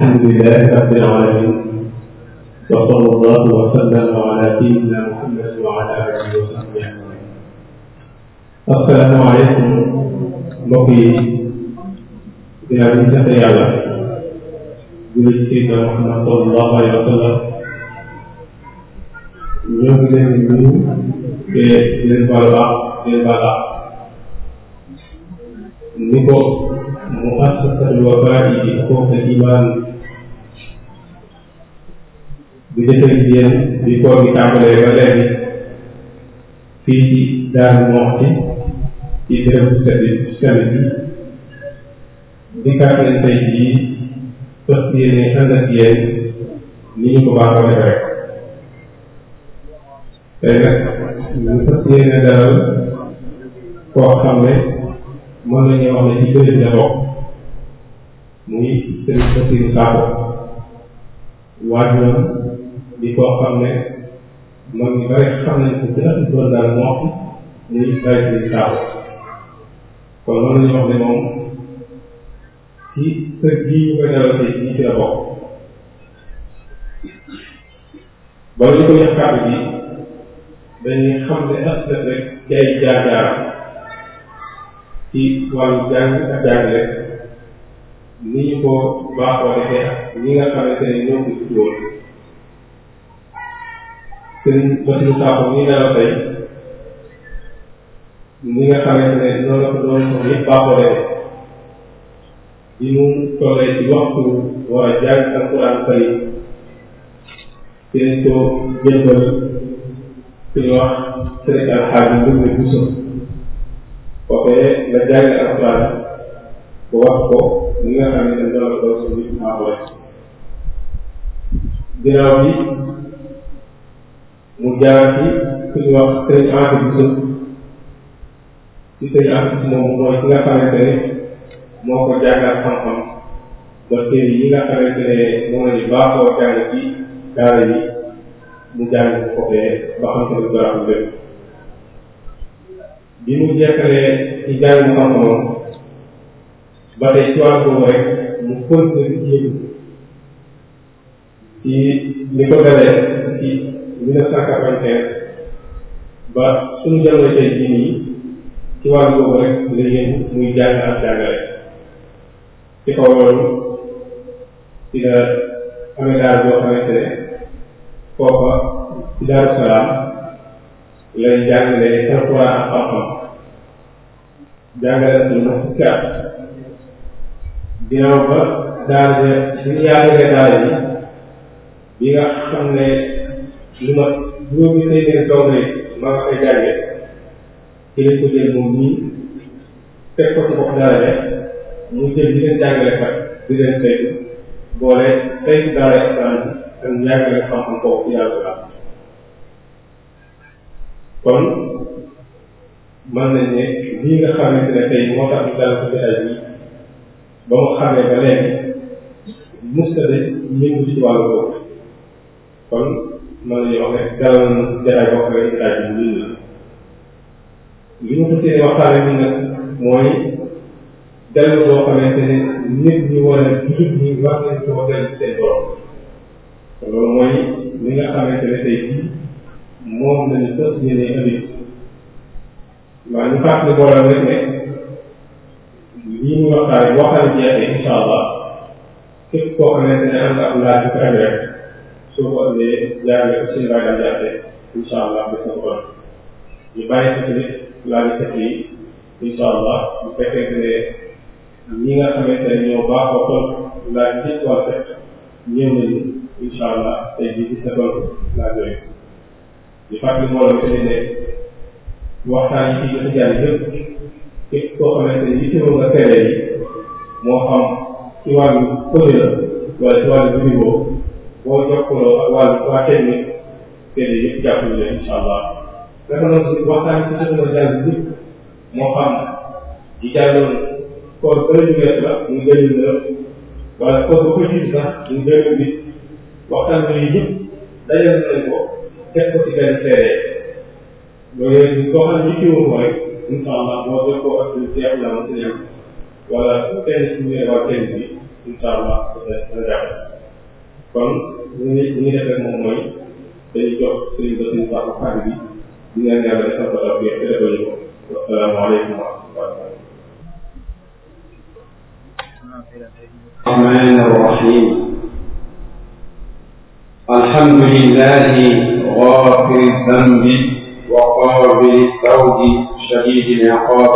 الحمد لله رب العالمين وصلى الله وسلم على سيدنا محمد وعلى اله وصحبه اجمعين السلام عليكم mbokk yi dinaa ñu sant yàlla julli ci seydina Muhammad sallallahu alayhi wa sallam ñoo ngi leen di nuyu te leen baal baax leen baal baax ni ko mu assasatul Wafa yi di foofu iman di jëfandikoo ak yéen di koor gi tàmbalee ba léegi fii ci Darou Mouhty ci béréb bu sell bi di kàttan tey jii fas yéene ànd ak yéen ni ñu ko baaxoo rek tey nag ñu fas yéene dalal koo xam ne mën nañu wax ne ci béréb la bokk muy Serigne Bassirou Sakho waaj na di koo xam ne mag ñu bari xam nañ ko gën a tuddoon daal moo muy bàyyi suñu taaw kon mën nañu wax ne moom ci kër gii ñu koy dalal tey ñu ci la bokk bala ñu ko jox kàddu gi dañuy xam ne askan rek jaay jaar-jaar ci wàllu jàng ak jàngale ni ñu ko baaxoo defee ak ñi nga xamante ne ñoo ko tuddoon sëriñ Basiru mi nga la fay ni nga xamante ne noonu la ko doon ko yëpp baaxoo demee bi mu toogee ci waxtu war a jàng alquran karim te ko jëndal ku ñu wax sëriñ alxaaji Ndumbe Buso foofee la jàng alquran bu wax ko ni nga xamante ne noonu la ko doon ko yëpp baaxoo demee ginnaaw mu jaar ci ku ñuy wax sëriñ Anta Bousso ci sëriñ Anta Bousso moom mooy ki nga xamante ne moo ko jàngal xam-xam ba téere yi nga xamante ne moom la ñu baaxoo jàng ci daara yi mu jàng ko fee ba ko lu baax lu bi mu jekkalee ci jàng xam-xamam ba tey ci wàllu boobu rek mu continuer ci yëngu ci li ko dalee ci mille neuf cent quatre-vingt-quinze ba suñu jamono tey jii nii ci wàllu boobu rek la yéen muy jàng ak jàngale ci kaw loolu ci la amee daal boo xamante ne foofa ci Daaru Salaam lay jàngale alxuraan ak xam-xam jàngale na fukki at ginnaaw ba daal de suñu yaatulee daal yi bi nga xam ne lu ma juróomi téeméeri doom ne maa ngi koy jànge ci lañ ko jël moom nii teg ko ci bopp daara mu jël di leen jàngale kat di boole saytu daara islam bi ak njàngale xam-xam kooku ci yàlla kon mën nañ ne lii nga xamante ne tey moo tax ñu daal ko jotaay bi ba mu xamee ba léegi musta de ñëngu ci wàllu boobu kon loolu yow rek dalal na jaraay boo li ma tuddee waxtaane bi nag mooy dellu boo xamante ne nit ñi war a nit ñi war nañ koo dellu seen borom loolu nga xamante ne tey jii moom lañu sës ñeneen amit waaye ñu fàttali borom rek ne lii ñu waxtaane boo xam ne jeexee incha allah képp koo xamante ne am nga am laaj bu rek soo ko ëndee jaarale ko seen ragal jaxte incha allah des na ko doon ñu bàyyi ko tamit laaj kat yi incha allah bu fekkee ne ñi nga xamante ne ñoo baaxoo tool laaj ci concept ñëw nañu incha allah tey jii gis na tool laaj yooyu ñu fàttali mbooloo tamit ne waxtaan yi ci jot a jàll yëpp képp koo xamante ne nga seede yi moo xam ci wàllu pële la wala ci wàllu vidéo boo jokkaloo ak wàllu waa technique télé yëpp jàpp nañu leen incha allah fekk na aussi waxtaan ci seen jàng yëpp moo xam di jàlloon koor ba ñu nekk la ñu gën la wala koor ba ko jiitu sax ñu gën a bis waxtaan yooyu yëpp dajale nañ ko teg ko ci benn seere loolu yëpp koo xam ne ci woon mooy incha allah boo jokkoo ak suñu seex la ma si wala kenn suñu waa kenn bi incha allah dana jàpp kon li ñu li ñu def rek moom mooy dañuy jox sëriñ ba suñu baaxu xaar bi di ñaan yàlla defal ko ak yéen defal ñu ko wasalaamaaleykum wa rahmatulah. الرحمن الرحيم الحمد لله غافر الذنب وقابل التوب شديد العقاب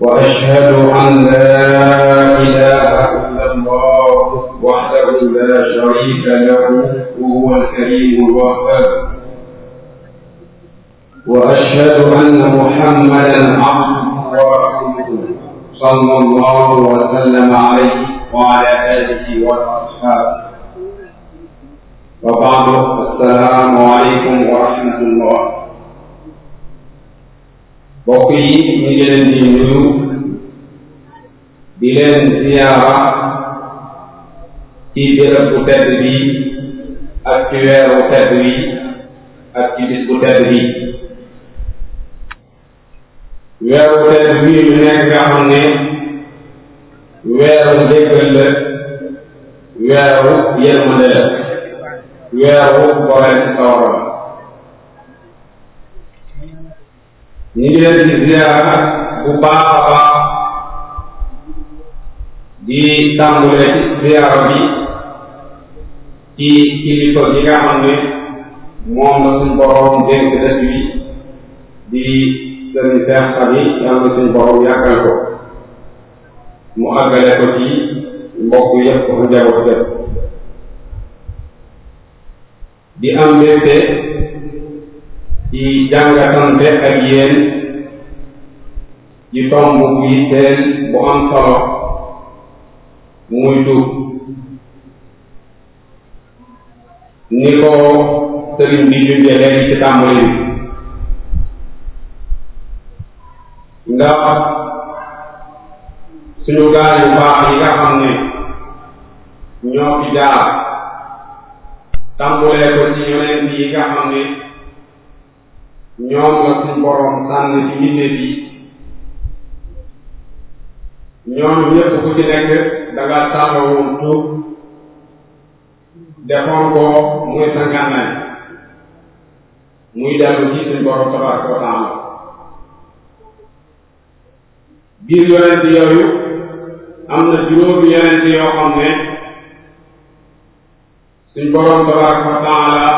وأشهد أن لا إله الله وحده لا شريك له وهو الكريم الوهاب وأشهد أن محمدا عبده ورسوله صلى الله وسلم عليه وعلى آله وأصحابه وبعد السلام عليكم ورحمة الله mbokk yi ñu leen di nuyu di leen ziyaara ci béréb bu tedd bi ak ci weer bu tedd ak ci bis bu tedd bi weer bu tedd bi ñu nekk nga xam ne weeru jéggal la weeru yërmande la weeru boole ci sawara ñu ngi leen di ziara bu baax a baax di tàmbale ci ziara bi ci kilifa gi nga xam ne moom la suñ borom dénk dëkk bi di sëriñ Seex Xadi yàlla na suñ borom yàggal ko mu àggale ko ci mbokk yëpp ko njaboot yëpp di am mbégte ci jàngatante ak yéen ci tomb bi seen bu am solo muy ni ko sëriñ bi junjee léegi ci tàmbali bi ndax suñu gaay yu baax yi nga xam ne ñoo fi jaar tàmbulee ko ci yonent yi nga xam ne ñoom la suñu borom sànn ci nit yi ñoom ñëpp defoon ko muy sa ngànnaay muy dellu ci suñ borom tabaraka wa taala biir yonent yooyu am na juróomi yonent yoo xam ne suñ borom tabaraka wa taala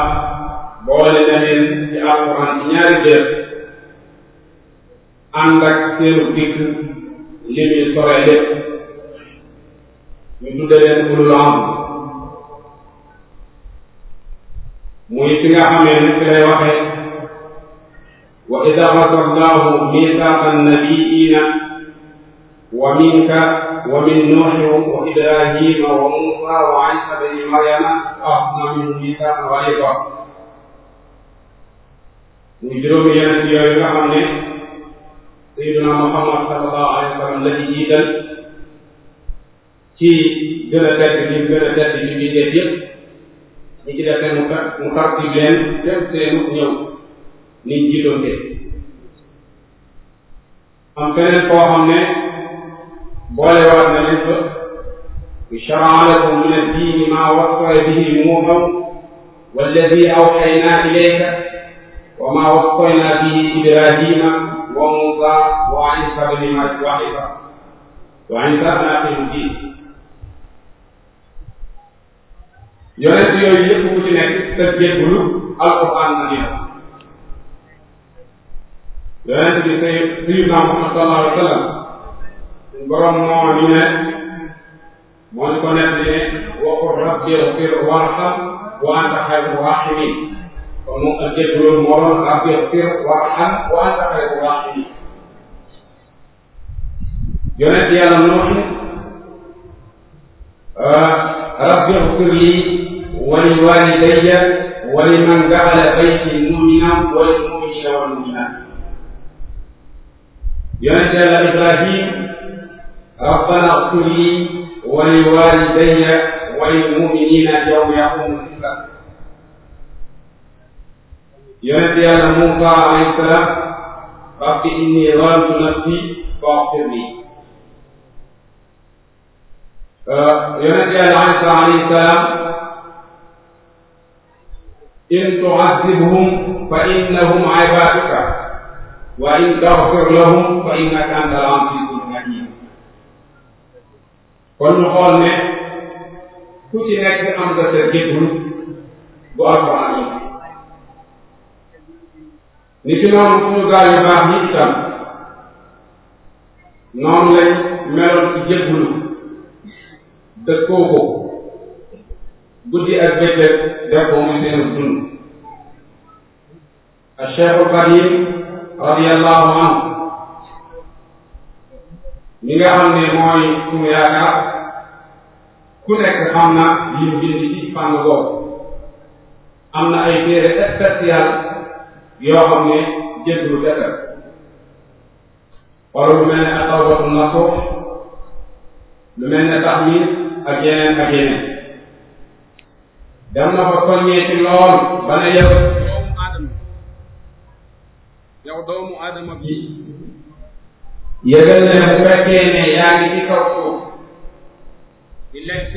boole na leen ci alquran ci ñaari jéem ànd ak seenu dikk li muy sore lépp ñu tudde leen ulul muy fi nga xamee ne fi lay waxee wa ida xasallaahu mitaaqa nabiyiina wa minka wa min nuuxin wa ibrahima wa muusa wa isa bni maryama axna ah, min mitaaqa wariba muy juróomi yeneen yooyu nga xam ne sayyiduna muhammad sallallahu alayhi wa sallam la ci jiital ci gën a tedd bi gën a tedd bi ñu def yëpp ñi ci defee mu tar mu tartib leen seen seenu ñëw niñ jiitoonte am feneen koo xam ne boole waat na leen fa bisharalakum min addiini maa wasa bihi muuxam walladi awxayna ilayka wa maa wasayna bihi ibrahima wa muusa wa isa bni wa isa wa isa naqim diin yonent yooyu yëpp mu ci nekk te jébbalu alquran na dina yonent bi say sayidna Muhammad sallallahu alayhi wa sallam borom moo ñu ne moo ñu ko nekk ne waqul rabbi ighfir warham wa anta xayru rahimin kon moom ak jébbalu moo doon rabbi ighfir warham wa anta xayru rahimin yonent yàlla Nuux ah, rabbi ighfir li wa li walidayya wa li man daxala bayti muminan wa lil muminina wal muminat yonent yàlla Ibrahim rabbana ighfir li wa li walidayya wa lil muminina yawma yaqumul hisab yonent yàlla Muusa alayhi salaam rabbi inni zalamtu nafsi faghfir li Euh, yonent yàlla Isa alayhi salaam in tu'azzibhum fa innahum ibaduka wa in taghfir lahum fa innaka antal azizul hakim kon ñu xool ne ku ci nekk am nga sa jiblu bu alquran yi ni ci noonu suñu gaal yu baax yi itam noonu lañ meloon ci jébbalu dëkkoo ko guddi ak bëccëg def ko muy seen dund al cheikhul xadim radiallahu anhu mi nga xam ne mooy suñu yaakaar ku nekk xam na yim bind ci fànn boobu am na ay téere spécial yoo xam ne jëglu tetal wala lu mel ne atawbatu nasuux lu mel ne taxmiir ak yeneen ak yeneen dem na fa soññee ci lool ba ne yow doomu aadama yow doomu aadama bi yëgal ne bu fekkee ne yaa ngi ci kaw suuf di lekk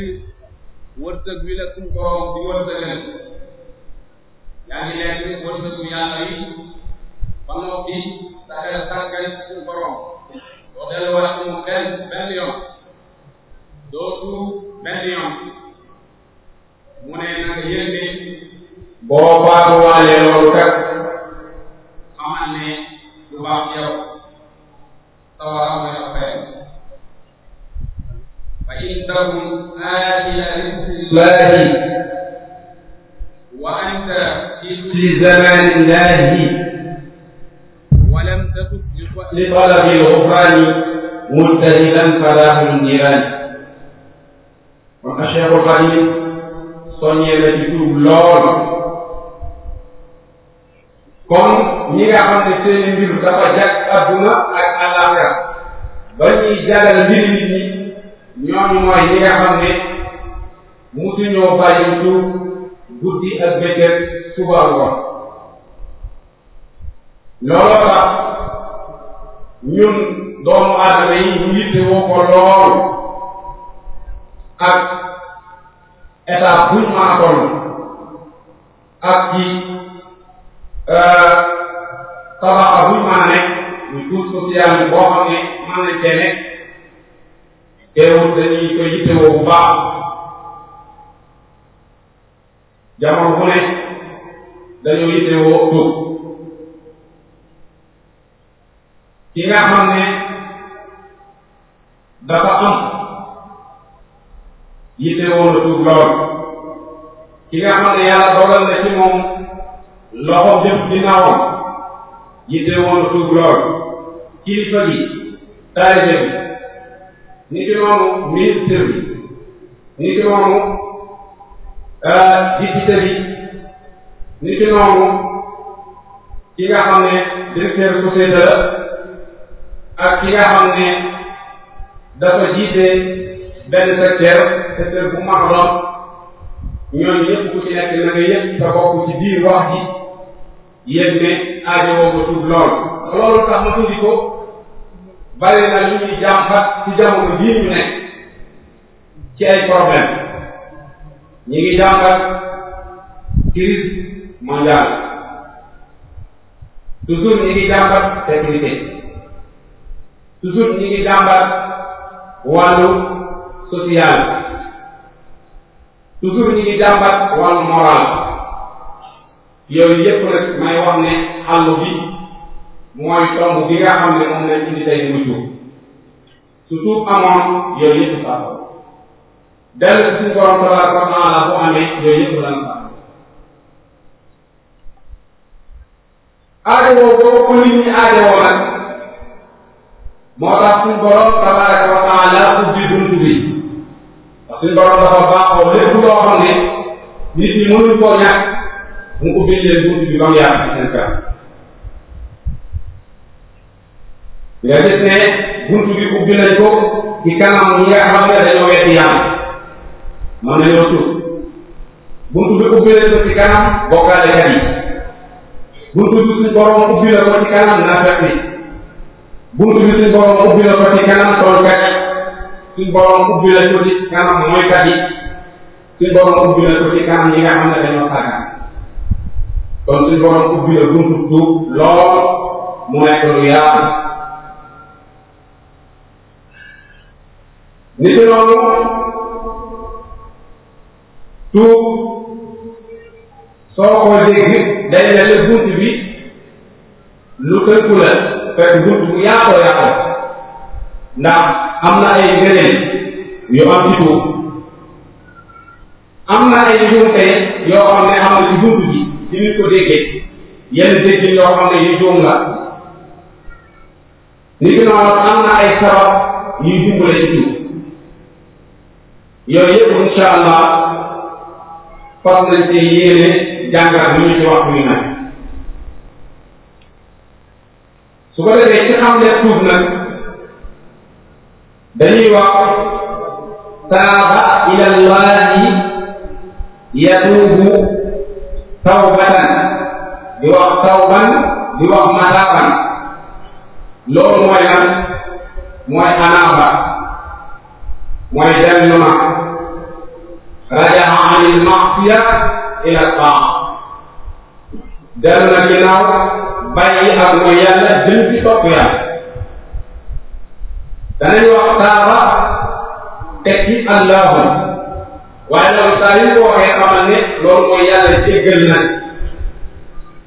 wërsëg wi la suñu borom di wërsëgal yaa ngi lekk wërsëgu yàlla yi ngi jàmbar wàllu social toujours ñi ngi jàmbar wàllu moral yooyu yëpp rek may wax ne xàll bi mooy tomb bi nga xam ne moom lañ indi tey muy tuub su tuub amoon yooyu yëpp sax dellu suñu borom tabaraka wa taala bu amee yooyu yëpp lan sax aajowoo boobu ko nit ñi aajowoo nag moo tax suñ borom tabaraka wa taala ubbi buntu bi ndax suñ borom dafa baaxoo lépp loo xam ne nit ñi mënuñ koo ñàkk mu ubbi leen buntu bi ba mu yaatu ci seen kanam nga gis ne buntu bi ubbi nañ ko ci kanam ñi nga xam ne dañoo wetti yàlla mën nañoo tuub buntu bi ubbi nañ ko ci kanam bokkaalekat yi buntu bi suñ borom ubbi na ko ci kanam naa fekk buntu bi suñ borom ubbi la ko ci kanam tooñkat suñ borom ubbi la ko ci kanam mooykat yi suñ borom ubbi la ko ci kanam yi nga xam ne dañoo sàggan kon suñ borom ubbi la buntu tuub lool mu nekk lu yaatu nit ki noonu tuub soo ko dégg day mel ne bunt bi lu tënku la fekk bunt bu yaatoo yaatoo am na ay gëneel yu am ci suuf am na ay njuumte yoo xam ne am na ci bi ci nit ko déggee yenn déggin yoo xam ne yu juum la nit ki noonu na ay sabab yuy dimbale ci suuf yooyu yëpp na su ko defee ci xam ne suuf nag dañuy wax taaba ila llaahi yatuubu tawbatan di wax tawban di wax mataaban loolu mooy lan mooy anaaba mooy dellu na rajaa an il maasiya ila taa dellu na ginnaaw bàyyi ak mooy yàlla jëm ci topp yàlla danañ wax saaba teg ci allahu waaye loolu saa yu ko waxee xamal ne loolu mooy yàlla jéggal na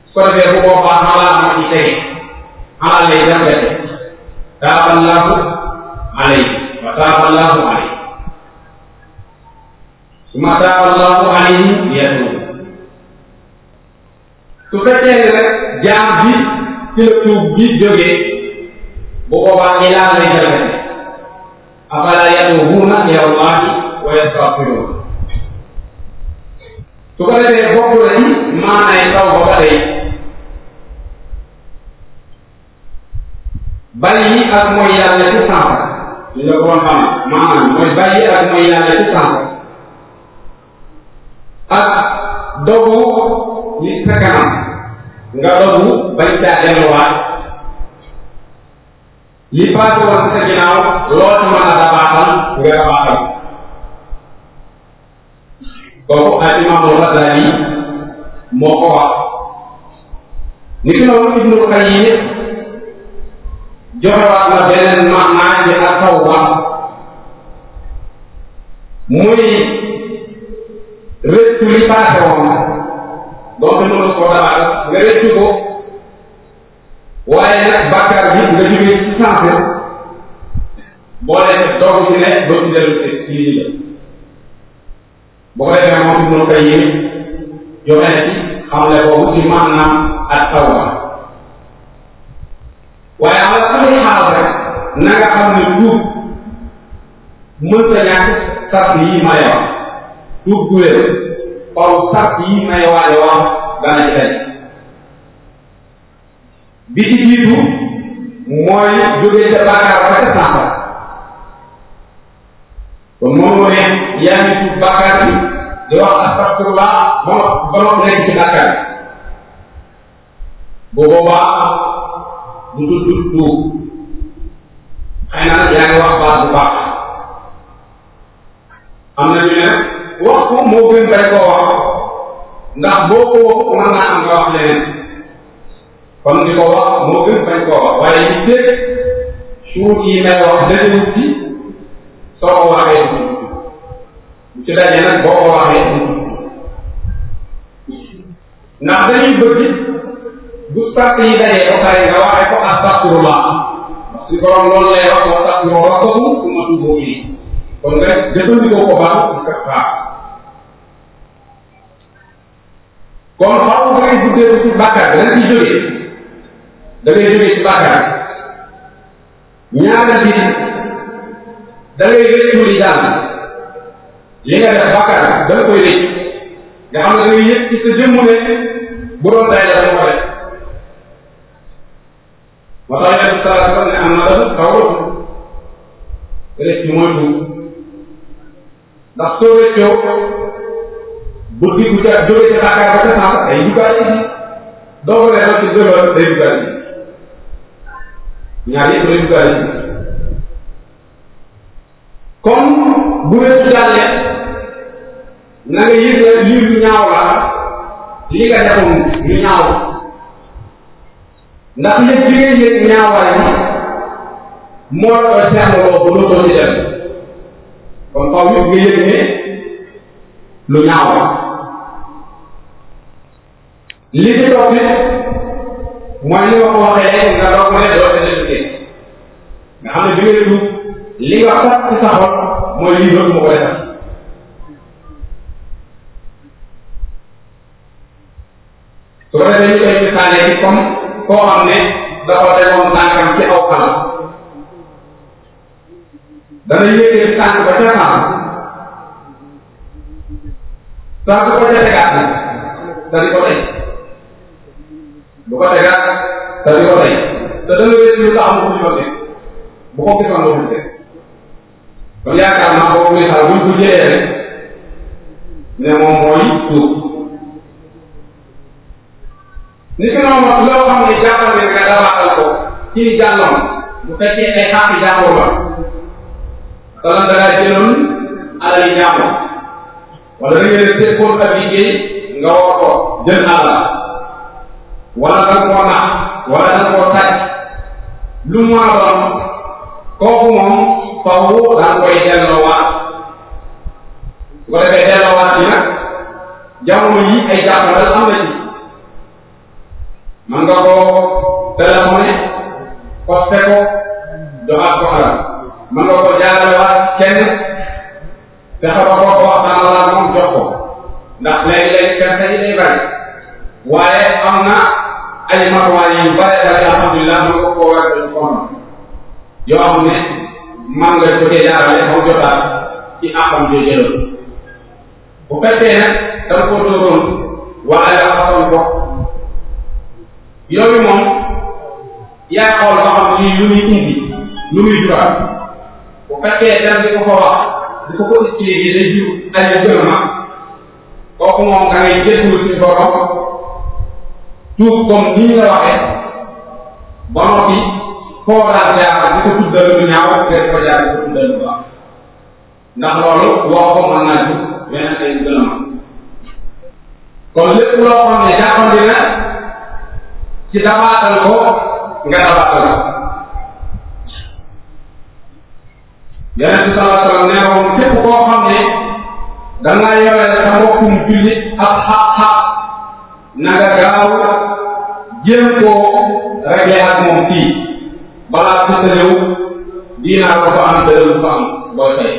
su ko defee bu boobaa xamal ma ci tey xamal lay jafete taaba allahu alay wa taaba allahu alay su ma taaba allahu alayhi yatuub su fekkee ne rek jaam bi ci la tuub bi jógee bu boobaa ilaa lay demee afalaa yatuubuuna ila llaahi wa yastaghfiruun su ko defee bokk na ci maanaay tawba ba tey bàyyi ak mooy yàlla ci sànq li nga ko xam maanaam mooy bàyyi ak mooy yàlla ci sànq ak dogu ni sa kanam nga dogu bañ caa delluwaat li paase woon sa ginnaaw loo ci mën a rabaaxal nga rabaaxal kooku al imaamul Ghazali moo ko wax ni ki noonu Ibnul Qayyim joxewaat na beneen maanaa yi ak taw wax muy rëccu li paase woon ba mu mën koo dabaal nga rëccu ko waaye nag bàkkaar bi nga jógee ci santé moo leen doog ci ne ba mu dellu ci lii la boo koy defee moom ibnu Qayyim joxe ci xamle boobu ci maanaam ak tawba waaye am na amay xaal rek na nga xam ne tuub mënta ñàkk sas yi ma wax tuub gu wér faw sart yi may waaye wax bi ci jiitu mooy jóge ca bàkkaar ba ca sàmba kon moom moo ne yaa ngi tuub bàkkaar bi di wax astafirullah ba ma ba ma nekk ci bàkkaar bi bu boobaa du tudd tuub xëy na wax ko moo gën bari koo wax ndax boo ko mën naa am nga wax leneen kon di ko wax moo gën bari koo wax waaye li teg suuf yi may wax dëgg ci soo ko waxee ci daje nag boo ko waxee ndax dañuy bëgg bu sàrt yi dajee ba pare nga waxee ko astaghfirullah parce que borom loolu lay wax kon faaw da ngay duggee ci bàkkaar da nga ci jógee da ngay jógee ci bàkkaar ñaareel bi da ngay rëccu li daan li nga def bàkkaar da nga koy rëcc nga xam ne da ngay yëg ci sa jëmm ne bu doon tay la dama ko def moo tax yàlla sala sala ne am na la taw rëcc mooy bu ndax soo rëccoo bu diggu ca jóge ca Dakar ba ca Samba day jubbaale ji doo ko leeral ci gënoon day jubbaale ji ñaar yëpp day jubbaale ji comme bu weesu jàllee na nga yëg ne lii lu ñaaw la li nga defoon lu ñaaw ndax lépp li ngay yëg ñaawaay moo la seetloo ba dootoo ci dem kon xaw ma nga yëg ne lu ñaaw li ci toog nit mooy li ma ko waxee nga doog ma ne doo te leen nga xam ne bi ngay dugg li nga fas ci sa xol mooy lii ko defal su ko defee ñu koy misaale yi comme koo xam ne dafa demoon tànkam ci aw kanam dana yéegee tànk ba ca kanam tànk ba ca tegaat na ko teg lu ko tegaat te di ko tey te dana leen ñu tax mu ko ñu bu ko fi fan loolu teg kon yaakaar naa boobu muy xaar buñ ko jëlee rek ne moom mooy tuub ni ki noonu moom loo xam ne jàppal ne nga dawaatal ko ci jàlloon bu fekkee ay xaati jàppoo ba kalan da ngaa wala da nga wala da nga koo taj lu mu mën a doon kooku moom faaw daan koy delloowaat su ko defee delloowaat bi nag jamono yi ay jàppandal am na ci nga ko joxaat ko alal man nga koo jaaralewaat kenn fexe ba koo ko waxtaan la moom jox ko ndax léegi-léegi kenn yi day ay matuwaay yu bare alhamdulilah mën ko koo war dañu ko mën yoo xam ne man nga ko cee jaarale xaw jotaat ci àqam jo jëloon bu fekkee nag dama ko dóoroon waaye la xamoon ko yooyu moom yaa xool ba xam ni lu muy indi lu muy jural bu fekkee dara di ko ko wax di ko ko expliqué day jur ay gërëma kooku moom da ngay jël suñu borom tuub comme ni ñu la waxee ba noppi foo daan jaar di ko tuddal lu ñaaw def ko jaar di ko tuddal lu baax ndax loolu boo ko mën naa ji beneen day gën a kon lépp loo xam ne jàppandi na ci dabaatal ko nga dabaatal ko yeneen bi salaa sallam nee woon képp koo xam ne da nga yore sa mbokkum jullit ak jéem koo réglé ak moom fii balaa sa réew diinaa ko fa am dërëm lu fa am booy tey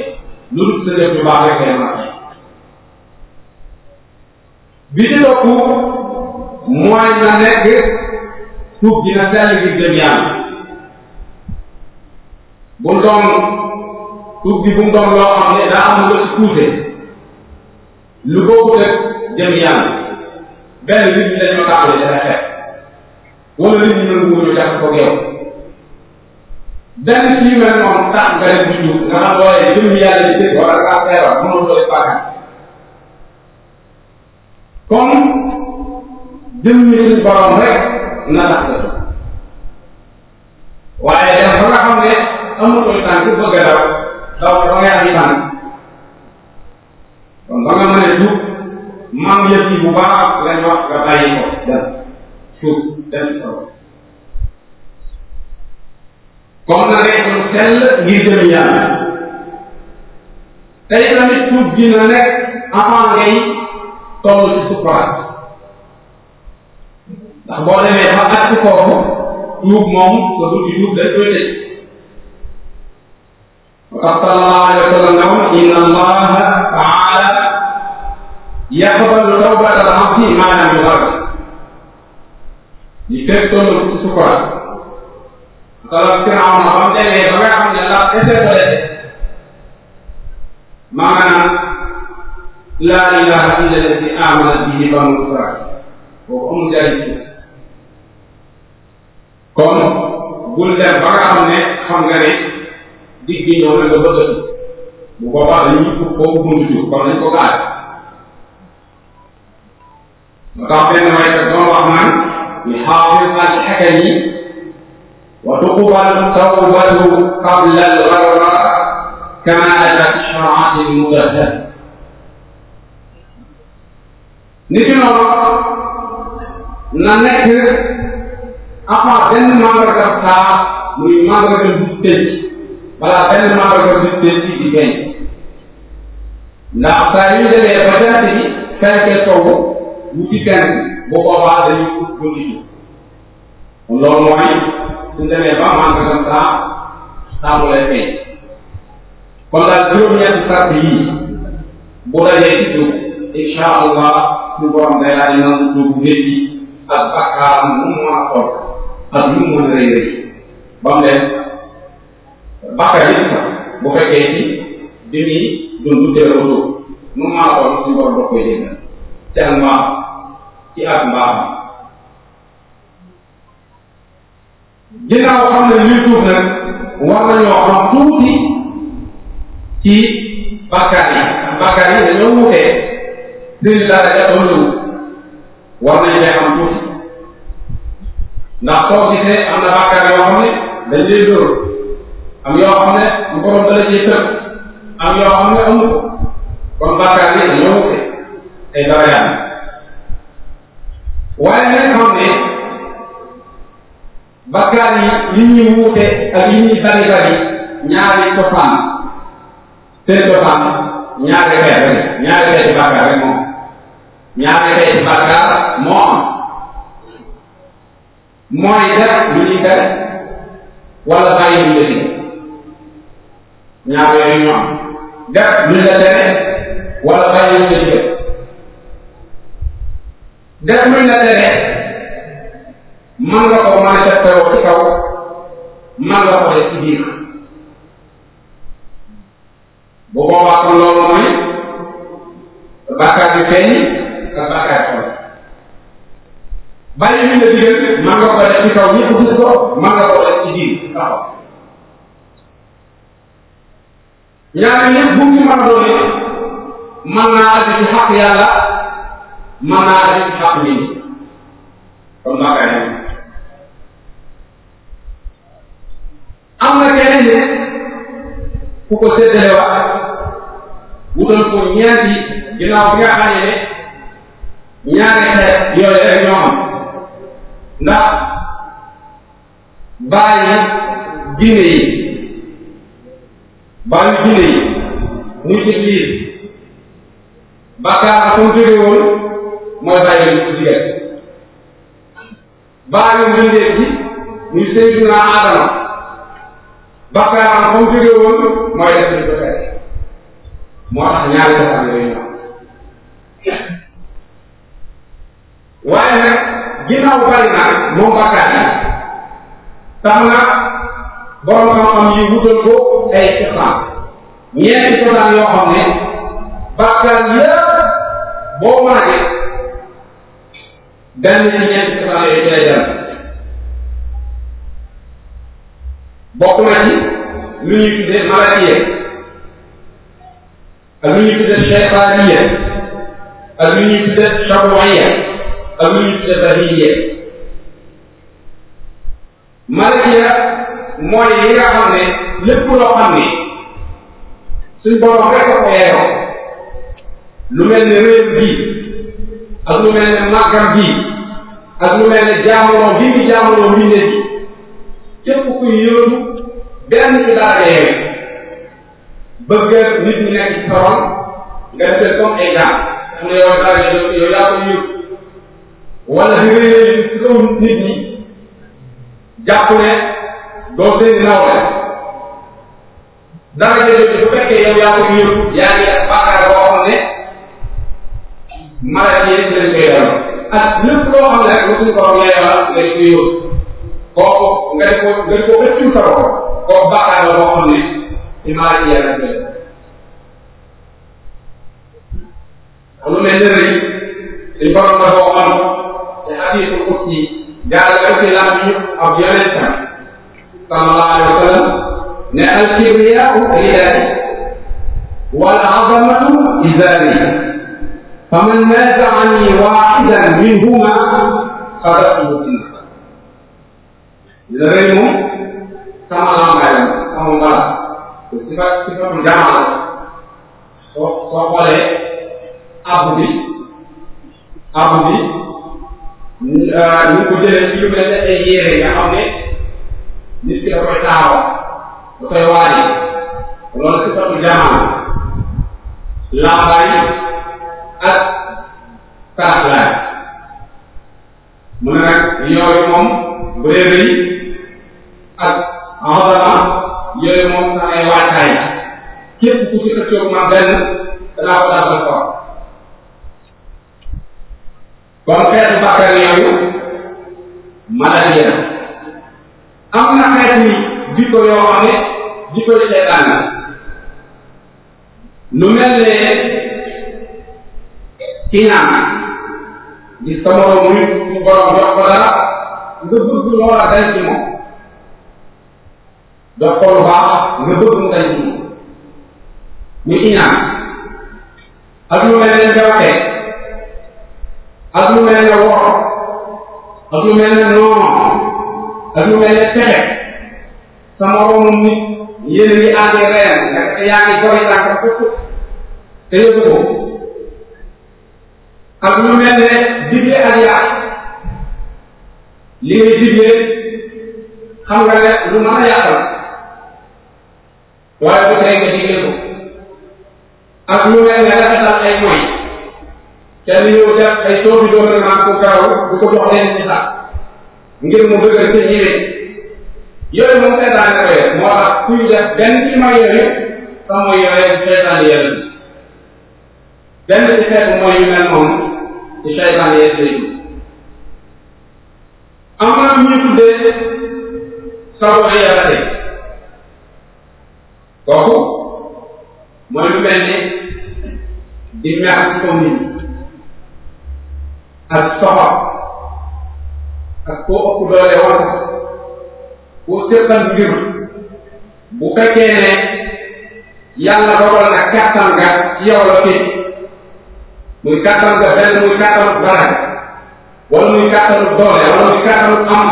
lu sa réew ñu baax rek ngay màcc bi ci topp mooy na nekk gi jëm yàlla bu mu doon suuf loo xam ne daa am lu ci tuute lu boobu rek jëm yàlla benn nit ñi dañoo wala nit ñi nangu ñu jàpp ko yow benn kii mel noonu tànn nga rek ñu nga xam loolee jëm yàlla yi dëgg wala ngaa feebar mënoo doole bàkkaar kon jëm ñu borom rek na tax la waaye dem ba nga xam ne amatul tànk bëgg a daw daw ba ngay am tànk kon ba nga mën a jub maam yëf yi bu baax lañ wax nga bàyyi ko dem suuf dem kon na nekk ngir jëm yàlla tey tamit tuub gi na nekk avant ngay toll ci sukkuraat ndax boo demee ba àgg foofu tuub moom sa bunti tuub dañ koy tëj tax sallallahu alayhi wa sallam ne woon inna allaha taala yaqbalu tawbata ñu fekk tollu ci sukuraat xalaat Firawna ba mu demee ba nga xam ne la interpellé maanaam laa ilaha illa alladi amana bihi banu Israil boobu amul jaay kon bul dem ba nga xam ne xam nga ne digg bi ñëw na nga bëgg bu boobaa dañuy pour foofu buntu ko gaal ba tax يحافظ الحكم وتقبل التوبة قبل الغرة كما أتى في الشرعات المدهة نجم na nekk avant benn mandarga saa muy mandarga bu tëj balaa benn mandarga bu tëj di génn ndax saa yu demee ba jant bi fenk sow wu ci fenk bu boobaa dañuy ut continué loolu mooy suñ demee ba manqué comme ça saabu lay feeñ kon daal juróom-ñetti sart yi bu dajee ci dugub incha allah suñu borom day daal di nangu dugub nit yi ak bakkaaram mu mën a xool ak lu mu mën a rëy rëy ba mu def bakkaar yi bu fekkee ci bi muy dund teeloo dugub mu mën a xool suñu borom da koy ci ak mbaam ginnaaw xam ne luy tuub nag war nañoo xam tuuti ci bàkkaar yi ak bàkkaar yi dañoo wutee seen daraja tollu war nañ cee xam tuuti ndax soo gisee am na bàkkaar yoo xam ne dañ lay dóor am yoo ne bu borom dala ciy tëb am yoo xam ne amu ko kon bàkkaar yi dañoo wute ay waaye nañ xam ne bakkaar yi li ñuy wuute ak li ñuy bari bari ñaari cosaan seen cosaan ñaari xeet rek ñaari xeeti bakkaar rek moom ñaari xeeti bakkaar moo am mooy def lu ñuy def wala bàyyi lu ñuy def ñaari yooyu ñoo am def lu ñu la tere wala bàyyi lu ñuy def def luñ la tere mën nga ko manifesté woo ci kaw mën ko def ci bu boobaa kon loolu mooy bàkkaar bi feeñ sa bàkkaar xol bàyyi luñ la digal mën nga ko def ci kaw ñëpp gis ko mën nga ko def ci biir taxaw ñaari yëpp bu mu mën a doone mën naa àgg ci xaq yàlla منار حقل فمكان أما كان كوكو سيدلوا wutal ko ñeenti ginnaaw bi nga xam ne ñaari xeet yooyu rek ñoo am ndax bàyyi diine yi bàyyi diine yi muy ci biir bàkkaar fu mu jóge woon mooy bàyyi leen ku jigéen baayu mbindeef yi muy Seydina Adama bakkaaram fa mu jógee woon mooy def ni ko fekk moo tax ñaari defar yooyu ñoom waaye nag ginnaaw bari naa moom bakkaar yi tax na borom xam-xam yi wutal ko ay xibaar ñeenti yoo xam ne bakkaar yëpp boo mën a benn ñeenti xibaar yooyu lay dal bokk na ci lu ñuy tuddee maladiye ak lu ñuy tuddee cheytaaniye ak lu ñuy tuddee chaboye ak lu ñuy tuddee bahiliye maladiye mooy yi nga xam ne lépp loo xam ne suñ borom rek a ko ak lu mel ne màggam bii ak lu mel ne jaamuloo bii bi mi ne bi képp kuy yóotu benn ibaada yooyu bëgg nit ñi nekk ci nga defee comme ay jaam xam ne yow daal yow yaa ko yóotu wala di nga yóotu ci kaw nit yaa ko yóotu yaa ngi bàkkaar mara yéen lañ koy yor ak lépp loo xam ne rek lu suñu borom leeral lay koy yóbbu kooku nga def ko nga def ko rëccul sa bopp kooku bàkkaar la boo xam ne ci mara yi yàlla koy lu mel ne rëy suñu borom la koo xam te xadiisul ut yi gaal la ci laaj ñu ak yonentam sallallahu alayhi wa sallam ne al kibriyaa ridaay wal azamatu izaari faman naaza'anii waahidan minhumaa xadathu fi nafsi la rëy moom sama lambaay la sama mbala te si fa si abu bi abu bi ñu ko jëlee ci lu mel ne ay yére nga xam ne nit ñaan bu ko jox benn misaal ngir mu dëgër yooyu moom seetaan nga koy moo tax kuy def benn ci mooy yooyu sa mooy yooyu seetaan yàlla benn ci xeetu mooy yu mel moom ci seetaan yàlla am na ñu tuddee saw ay yàlla tey kooku mooy lu mel ni di ñaax ci san mbir bu fekkee ne yàlla dogal na kàttan ga ci yow la fii muy kàttan ga benn muy kàttanu barke wala muy kàttanu doole wala muy kàttanu am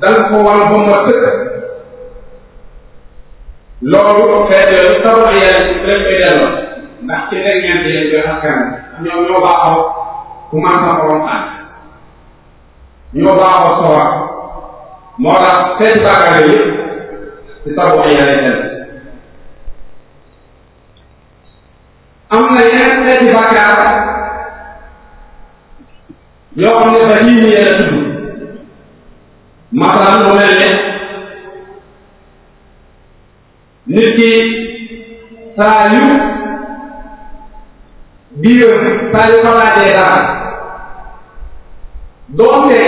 danga ko war ba ma tëkk loolu xeet yooyu taw yéen leen koy delloo ndax ci leen ñeent yéen koy xaskan ñoom ñoo baaxoo ku man sa borom ànd ñoo baaxoo moo tax seen bàkkaar yooyu ci sax wax yàlla yi am na yeneen xeeti bàkkaar yoo xam ne fa yii nii yàlla tudd masalan mu mel ne nit ki saa yu biir saa yu xalaatee dara doonte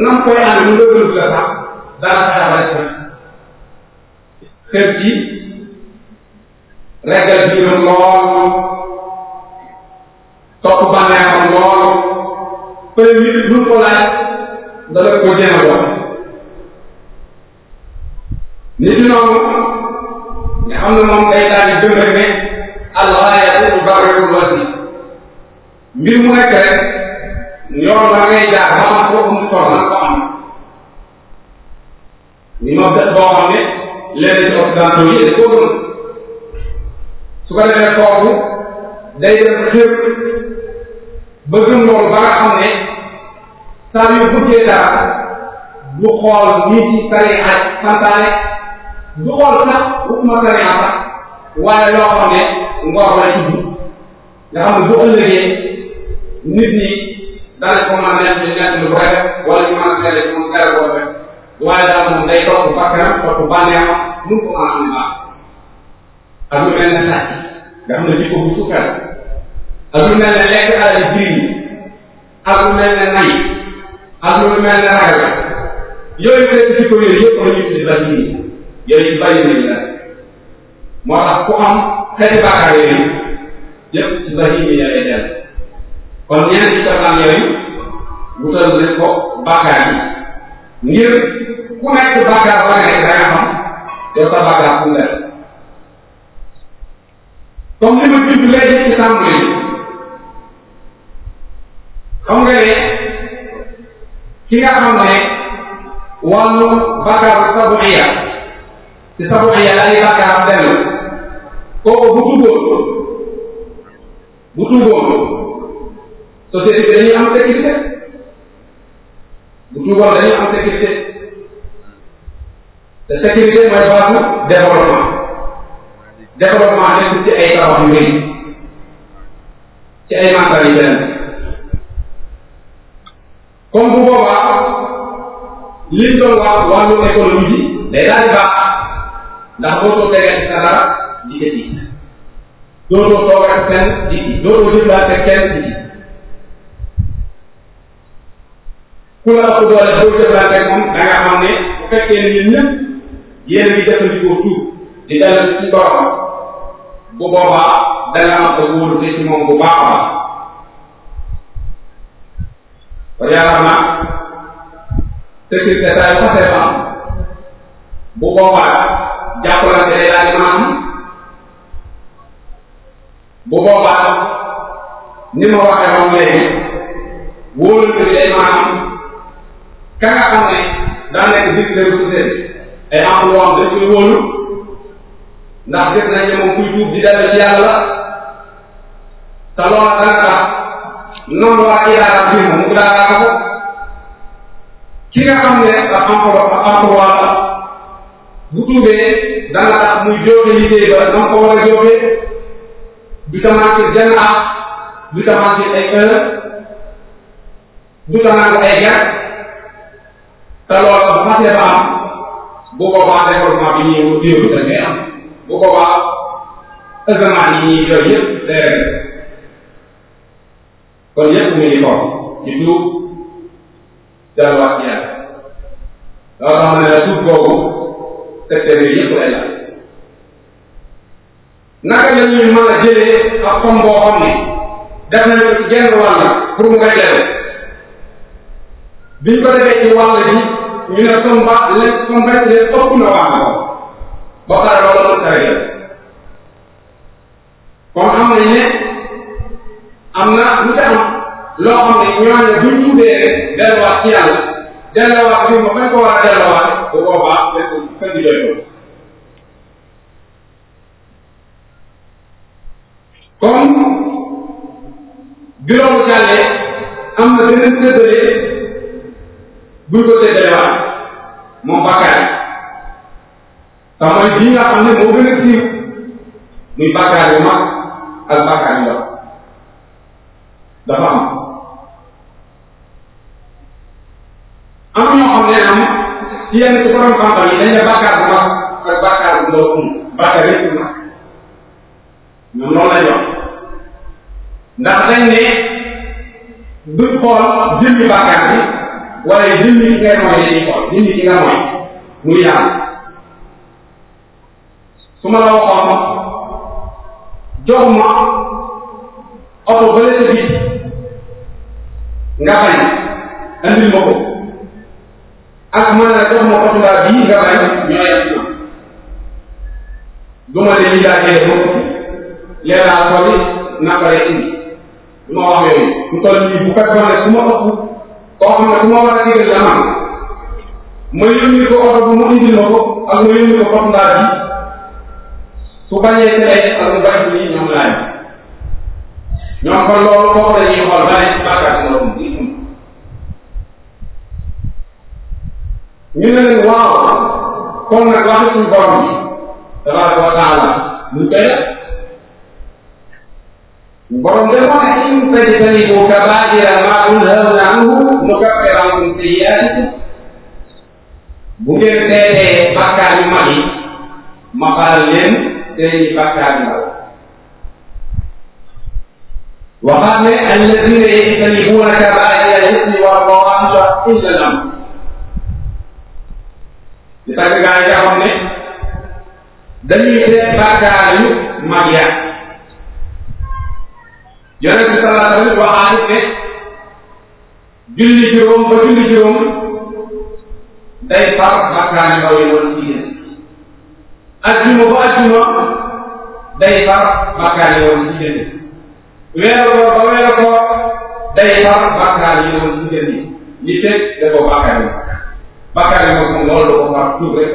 nam koy ànd mu dëgëru la sax dara xaram rek la kër gi regal diinam lool topp bànneexam lool pële nit lu ko laaj dala ko jéem a doon nit noonu nga xam ne moom day daal di dëgër ne alxaayatu barrewul wasi mbir mu nekk rek ñoom ba ngay jaar ba am foofu mu toll naa ko am ñu ma bët boo xam ne lenn ci occidentaux yi dañ day dem xëpp nga xam ne saa yu buggee dara du xool nit yi sari ak santaane du xool sax waxuma sari sax waaye loo xam ne ngor la ci danañ ko mën a nekk ñu nekk lu bëri wala ñu mën a seede ci moom seede boobu rek waaye daal moom day topp bakkanam topp bànneexam mun ko mën a am baax ak lu mel ne sàcc nga xam ne jikko bu sukkal ak lu mel ne lekk alal jiw yi ak lu mel ne nay ak lu mel ne ragal yooyu mel ne jikko yooyu yëpp la ñu ci la jiw yooyu bàyyi nañ la moo tax ku am xeeti bàkkaar yooyu yëpp ci la jiw yi la lay dellu kon ñenn ci sablaan yooyu wutal nañ ko bàkkaar yi ngir ku nekk bàkkaar ba nekk da nga xam yow sa bàkkaar fu mu nekk comme li ma judd léegi ci tàmbali yi xam nga ne ki nga xam ne wàllu bàkkaaru sabuiya ci sabuiya ay bàkkaar dellu kooku bu tuboon bu tuboon société bi dañuy am sécurité bu tuuboon dañuy am sécurité te sécurité mooy baasu développement développement nekk ci ay tabax yu rëy ci ay mandat yi benn comme bu boobaa liñ doon wax wàllu économie bi day daal di baax ndax boo soo tegee sa di ko diis doo soo toog ak kenn di ci doo soo jëflante kenn di ku la ko doole boo jëflante ak moom da nga xam ne bu fekkee ni ñun ñëpp yéen a ngi jëfandikoo di dalal ci borom bu boobaa da nga am ko wóolu ne ci moom bu baax a baax kon yaakaar naa sécurité saa yu xasee ni ma waxee moom léegi wóolu bi day mën ka nga xam ne daa nekk directeur bu seen ay am yoo xam dañ koy wóolu ndax gis nañ ne moom kuy tuub di dellu ci yàlla te loola dana tax noonu waa IARA biir moom mu daaraa ko ki nga xam ne ak emploi ak emploi la bu tuubee dana tax muy jóge liggéey ba dama ko war a jóge du tamaati jën ak du tamaati ay heure du tamaati ay gerte te loolu bu xasee am bu boobaa développement bi ñuy wut yëpp da ngay am bu boobaa ëggamaan yi ñuy jooy yëpp day rek kon yëpp mu ngi foofu ñu tuub delluwaat ci yàlla loolu xam ne tuub boobu secteur yooyu yëpp lay laaj naka la ñuy mën a jëlee ak xom boo xam ne def nañu genn wàll pour mu koy leeral biñ ko defee ci ñu ne comme ba lépp comme rek lépp ëpp na waa ngoog ba pare loolu mën ta réglé kon xam nañ ne am na lu ca am loo xam ne ñooñu buñ tuddee rek delluwaat ci yàlla delluwaat bi ma fañ ko war a delluwaat bu boobaa lépp fekk di doy loolu comme juróomu jàllee am na beneen séddale bu ko te mooy bii nga xam ne moo gën a siiw muy bàkkaar yu mag ak bàkkaar dafa am am ñoo xam am ci yenn ci borom xam-xam yi dañ ne bàkkaar bu mag ak bàkkaar bu ndaw amul bàkkaar yëpp mag ñoom loolu lañ wax ndax dañ ne du wala dindi ci nga mooy dañuy xool dindi ci nga mooy muy la waxoon ma jox ma oto bële sa biir nga bañ andil ma ko ak man la jox ma oto daal bii nga bañ ñoo yem ma du ma leen jaajëfee ba leeral ko bi naa ko lay indi du ma wax yooyu mu toll nii bu fekkoon ne su ma ëpp koo xam ne bu ma war a digal la man ma yónni ko oto bu mu indil ma ko ak ma yónni ko foofu ndaal bi su bañee ci lay ak mu bañ nii ñoom laay ñoom kon loolu kooku la ñuy xool ba ne ci bàkkaat ma loolu di dund ñu ne leen waaw kon nag waxi suñu borom bi tabaraka wa taala ñu koy borom de moo ne in tajtanibu kabaira ma unha mukaffira lakum sayyi'aatikum bu ngeen teetee bàkkaar yu mag yi ma xaral leen seeni bàkkaar yu ndaw waxaat ne alladina yajtanibuuna kabaa'ira al-ithmi wal-fawaahisha illa al-'amd li tax gaa yi nga xam ne dañuy def bàkkaar yu mag julli juróom ba julli juróom day far bàkkaar ndaw yi woon ci yéen ajjuma ba ajjuma day far bàkkaar yi woon ci yéen weeru koor ba weeru koor day far bàkkaar yi woon ci yéen li teg da ko bàkkaar yi bàkkaar yi moom loolu da ko far tuub rek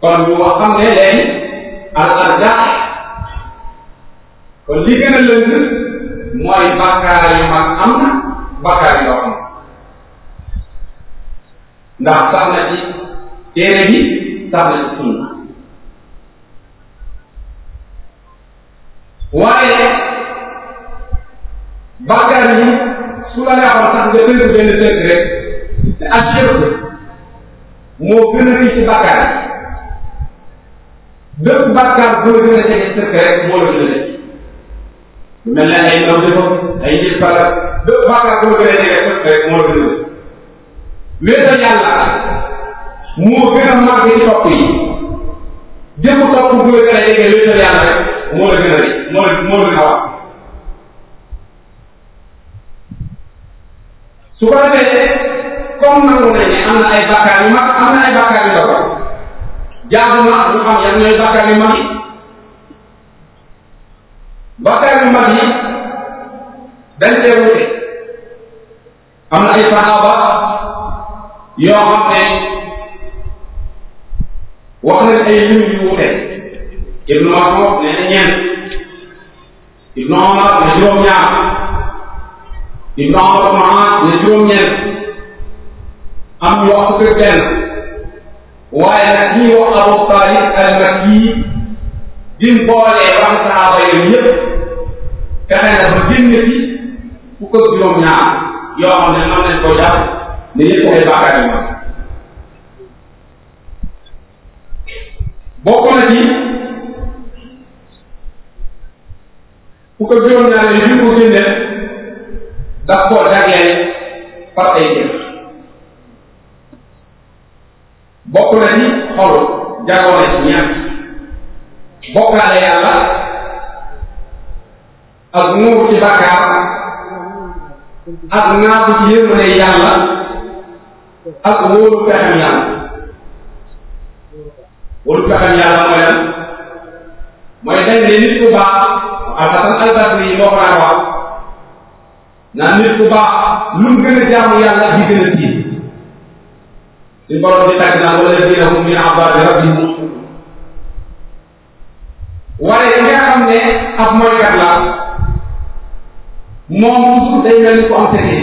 kon ñu wax xam ne léegi al arjaa kon li gën a lënd mooy bàkkaar yu mag am na bakkaar yoo xam ndax sax na ci téere bi sax na ci sunna waaye bakkaar yi su la neexoon sax nga tënk benn tënk rek te ashirku moo gën a ci bakkaar bépp bakkaar bu la gën a jege tënk rek moo la gën a jege mel ne ay naw ay jël bépp bàkkaar boo gën a jege rek moo dëgg wéetal yàlla moo gën a màgg ci topp yi jëpp topp bu gën a jege wéetal yàlla rek moo la gën a moo moo la gën a wax su ko defee comme nangu nañ ne am na ay bàkkaar yu mag am na ay bàkkaar yu ndaw jaagu ma ñu xam yan ñooy bàkkaar yu mag yi bàkkaar yu mag yi dañ cee wute am na ay saxaaba yoo xam ne wax nañ ay lim yu wuute Ibnu Mas'ud nee na ñeent Ibnu Omar ne juróom-ñaar Ibnu Omar ne juróom-ñeent am yoo xam ne benn waaye nag ñi wax Abu Talib al-Makki dim boolee wan saxaaba yooyu yëpp fexe na ba génn ci fukk ak juróom yoo xam ne mën nañ koo jàpp ne yëpp ay bàkkaar yi mag bokk na ci ku ko gënoon naa ne li ko génne daf koo jagleel par ay jëf bokk na ci xolu jagoo na ci ñaan bokkaale yàlla ak muur ci bàkkaar ak naatu ci yërmande yàlla ak wóolu pexem yàlla wóolu pexem yàlla mooy lan mooy dañ ne nit ku baax alxasan albasri yi moo ko daan wax naan nit ku baax lu mu gën a jaamu yàlla di gën a tiit suñ borom di tàgg naan wala dina hum min abadi rabbihim waaye nga xam ne ab mooykat la moom toujours day mel ni ko am tege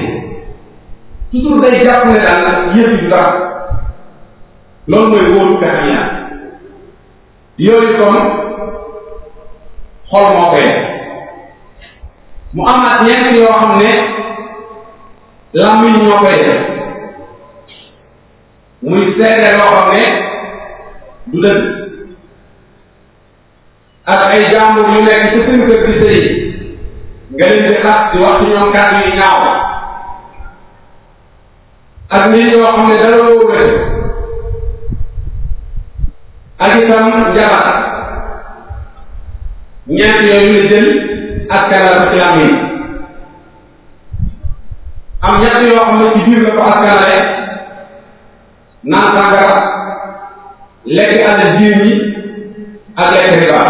toujours day jàpp ne daal nag yëf yi du dara loolu mooy wóolu gàllankoor yooyu kon xol moo koy mu amaat ñeent yoo xam ne làmmiñ ñoo koy def muy seede loo xam ne du dëgg ak ci nga leen di xaar di wax ci ñoom kàddu yi ñaaw ak nit ñoo xam ne dara woo wér ak itam njabar ñeent yooyu la jël ak kanal ci am yi am ñett yoo xam ne ci biir la ko askanale naan sàngara lekk àll jiir yi ak lekk riba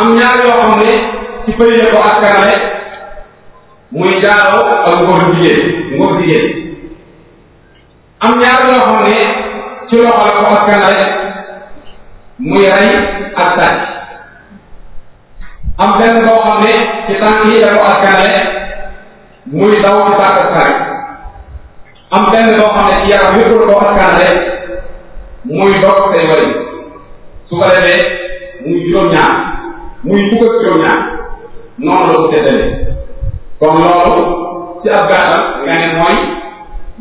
am ñaar yoo xam ne ci fëy ko askanale muy jaaroo ak ngóobu jigéen ngóobu jigéen am ñaar loo xam ne ci loxo ko askanale muy rey ak am benn boo xam ne ci tànk yi la ko askanale muy daw ci tànk sàcc am benn boo xam ne ci yaram yëpp la ko askanale muy dog say wari su muy juróom-ñaar muy fukk ak juróom-ñaar noonu la ko séddalee kon loolu ci ab gàttal nga ne mooy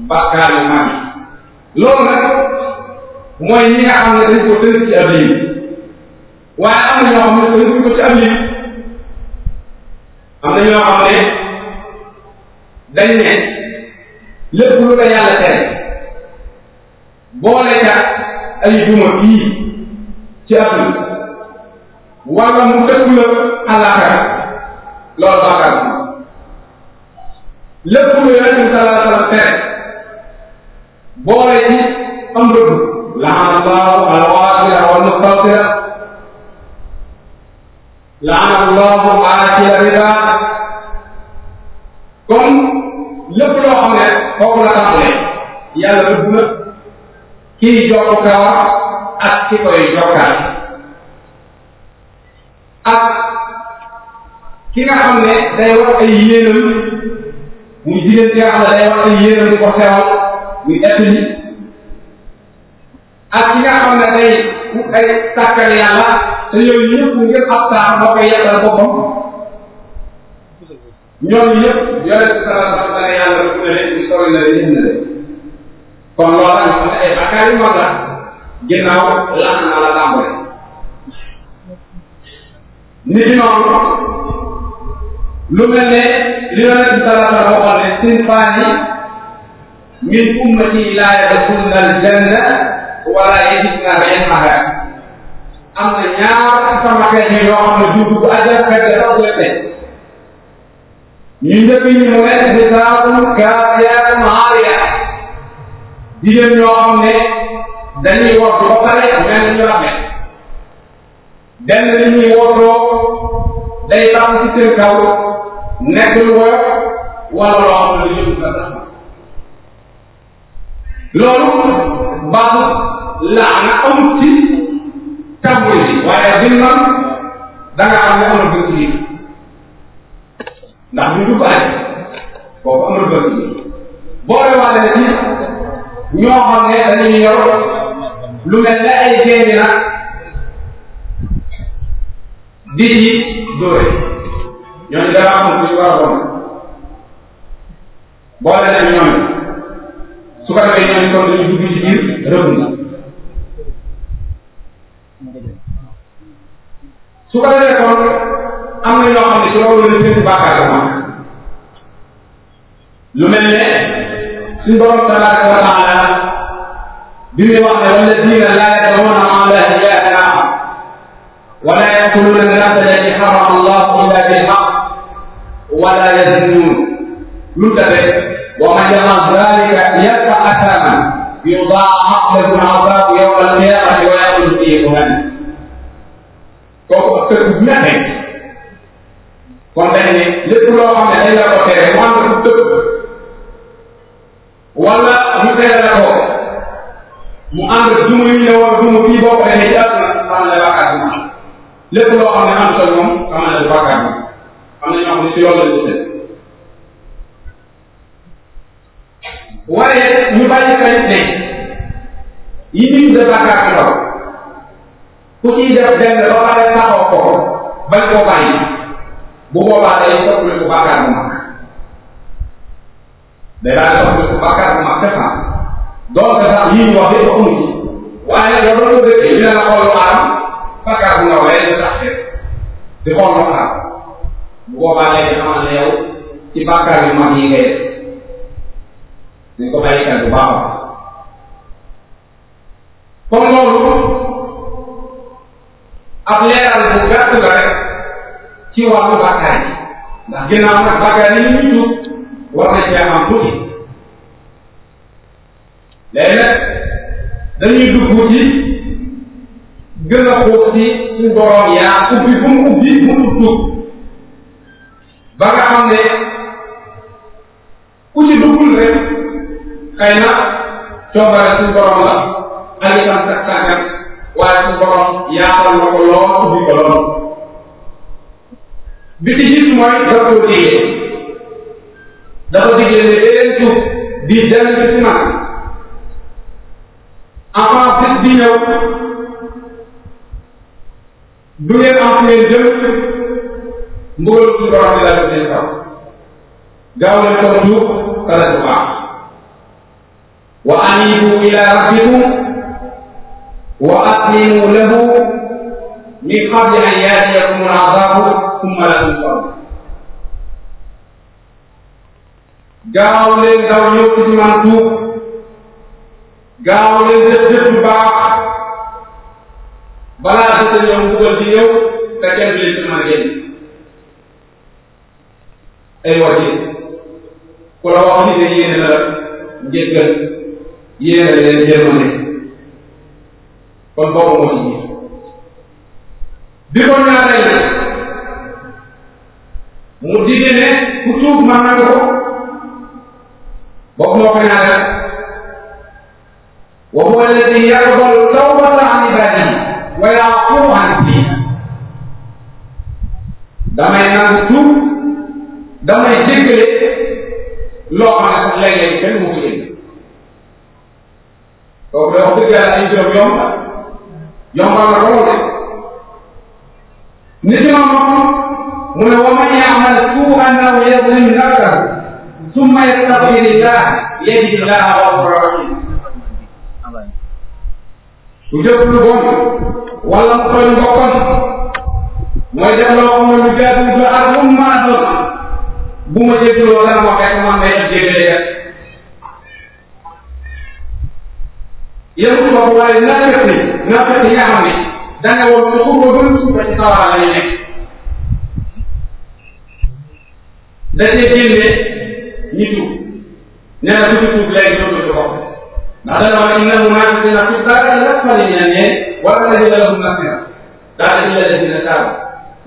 bakkaaru mag loolu nag mooy ñi nga xam ne dañ ko tënk ci ab lii waaye am na ñoo xam ne tënk ko ci ab lii am na ñoo xam ne dañ ne lépp lu ko yàlla tere boole ca ay duma yii ci ab lii wala mu tëgg la àllaaxira loolu bàkkaar la lépp lu yonent bi sallallahu alayhi wa sallam tere boole ci am dëgg laana allahu alwaasira wal mustawsira laana allahu aakila riba kon lépp loo xam ne foofu la tàmbalee yàlla dëgg na kii jokk kawa ak ki koy jokkaat ak ki nga xam ne day wax ay yéenam muy jigéen ki nga xam ne day wax ay yéenam di ko xewal muy ëtt ni ak ki nga xam ne day ku ay tàkkal yàlla te yooyu yëpp ngir ab taar moo koy yàqal boppam ñoom yëpp yore salaam dana yàlla ku ne ñu sori na leen na leen kon loolu la nga xam ne ay bakkaar yu mag la ginnaaw laaj na la tàmbale ni noonu lu mel ne li yonent bi sallallahu alayhi wa sallam waxoon ne sinfaani min ummati laa yadxuluna aljanna wala yajidna riihaha am na ñaar sama xeet yi ñoo xam ne du dugg àjjana fekk sax du tey ñu njëkk ñu mu ne xisaabun kaasiyaat maariya jigéen ñoo xam ne dañuy woote ba pare mel ni ñu amee benn li ñuy wootoo day tax nekk lu woyof wala loo xam ne li jëm nga tax loolu baax laana amul ci tàmbali yi waaye dina da nga xam ne amul bëgg yi ndax ñu dugg aaj boobu amul bëgg yi boole waale ci ñoo xam di ci ñooñu dafa amoon lu ñu war a bon boole nañ ñooñu su ko defee ñooñu kon dañu dugg ci biir rëbb na su ko defee kon am na ñoo xam ne su loolu la seen bàkkaar la moom lu mel ne suñu borom tabaraka wa taala bi muy wax ne wala diina laa yadruuna ma la ilaha wala yaquluuna nafsa allati harrama allahu illa bil haqq wala yaznun lu tabe wa man yafal dalika yalqa asaman yudaa'af lahu al-'adaabu yawma al-qiyaamati wa laa yakhludu fiihi muhaanan kooku ak tëb bu nexe kon dañ ne lépp loo xam ne dañ la ko tere wante du tëb wala mu tere la ko mu ànd duma yi ne war duma fii boo ko defee ci àdduna xam ne bàkkaar bi lépp loo xam ne am sa moom xam ne bàkkaar bi am na ñoo xam ne si yoon la ñu def waaye ñu bàyyi xel ne yi nit de bàkkaar ndaw ku ciy def benn loo xam ne saxoo ko bañ koo bàyyi bu boobaa day soppali ko bàkkaar bu mag day daal soppali ko bàkkaar bu mag dafa donc sax yi ñu wax yëpp amu ci waaye loolu la ñu dëkkee ñu ne la xool lu aar bàkkaar bu ndaw lay def tax di xool lu aar bu boobaa léegi xamal ne yow ci bàkkaar yu mag yi ngay def dañ ko bàyyi xel bu baax kon loolu ab leeral bu gàtt la rek ci wàllu bàkkaar yi ndax ginnaaw nag bàkkaar yi ñu tuub war na cee am tuuti léegi nag dañuy dugg ci gën a xóot ci suñu borom yaa ubbi bu mu ubbi mu tuub ba nga xam ne ku ci duggul rek xëy na coobare suñu borom la ak itam sax sàggat waaye suñu borom yaatal na ko lool ubbi ko lool bi ci gis mooy dafa ko digee dafa digee mbugal suñu borom bi laaj gaaw leen ko tuub tala du baax wa anibu ila rabbikum wa aslimu lahu min qabli an yaatiyakum al-azaabu thumma la tunsaruun gaaw leen daw ñëw man tuub gaaw leen def jëf baax balaa dëkk ñëw mbugal di ñëw te kenn du ay wàcce ku la wax ni de yéene la njëggal yéene leen yërmande kon boobu moo ci ñi bi ko ñaareel nag mu digge ne ku tuub ma nangu ko boobu moo ko ñaareel wa huwa alladi yaqbalu tawbata an ibadihi wa damay déggale loo xam ne léeg-léeg mu ci indi kooku da wax dëgg yàlla ay juróom yomb na yombal na lool de nit ñi moom mu ne wa man yaamal suu'an aw yazlim nafsahu summa yattaqi lillah yajid llaha ghafura rahim ku jëf lu bon wala mu tooñ boppam mooy loo xam ne lu jaadu du ak mu maasoo bu ma dégloo la wax rek man day jéggale rek yëngu bopp waaye naa fekk ni naa fekk ni nga xam ne da nga woon lu xurba ba lu suufa ci sawara lay nekk da cee génne ñi tuub nee na ku ci tuub léegi dootul ci bopp ndax dana wax innahu maa yusina fi dara la fari na ne wala la jëla lahum nasira daal la jëla la dina taabu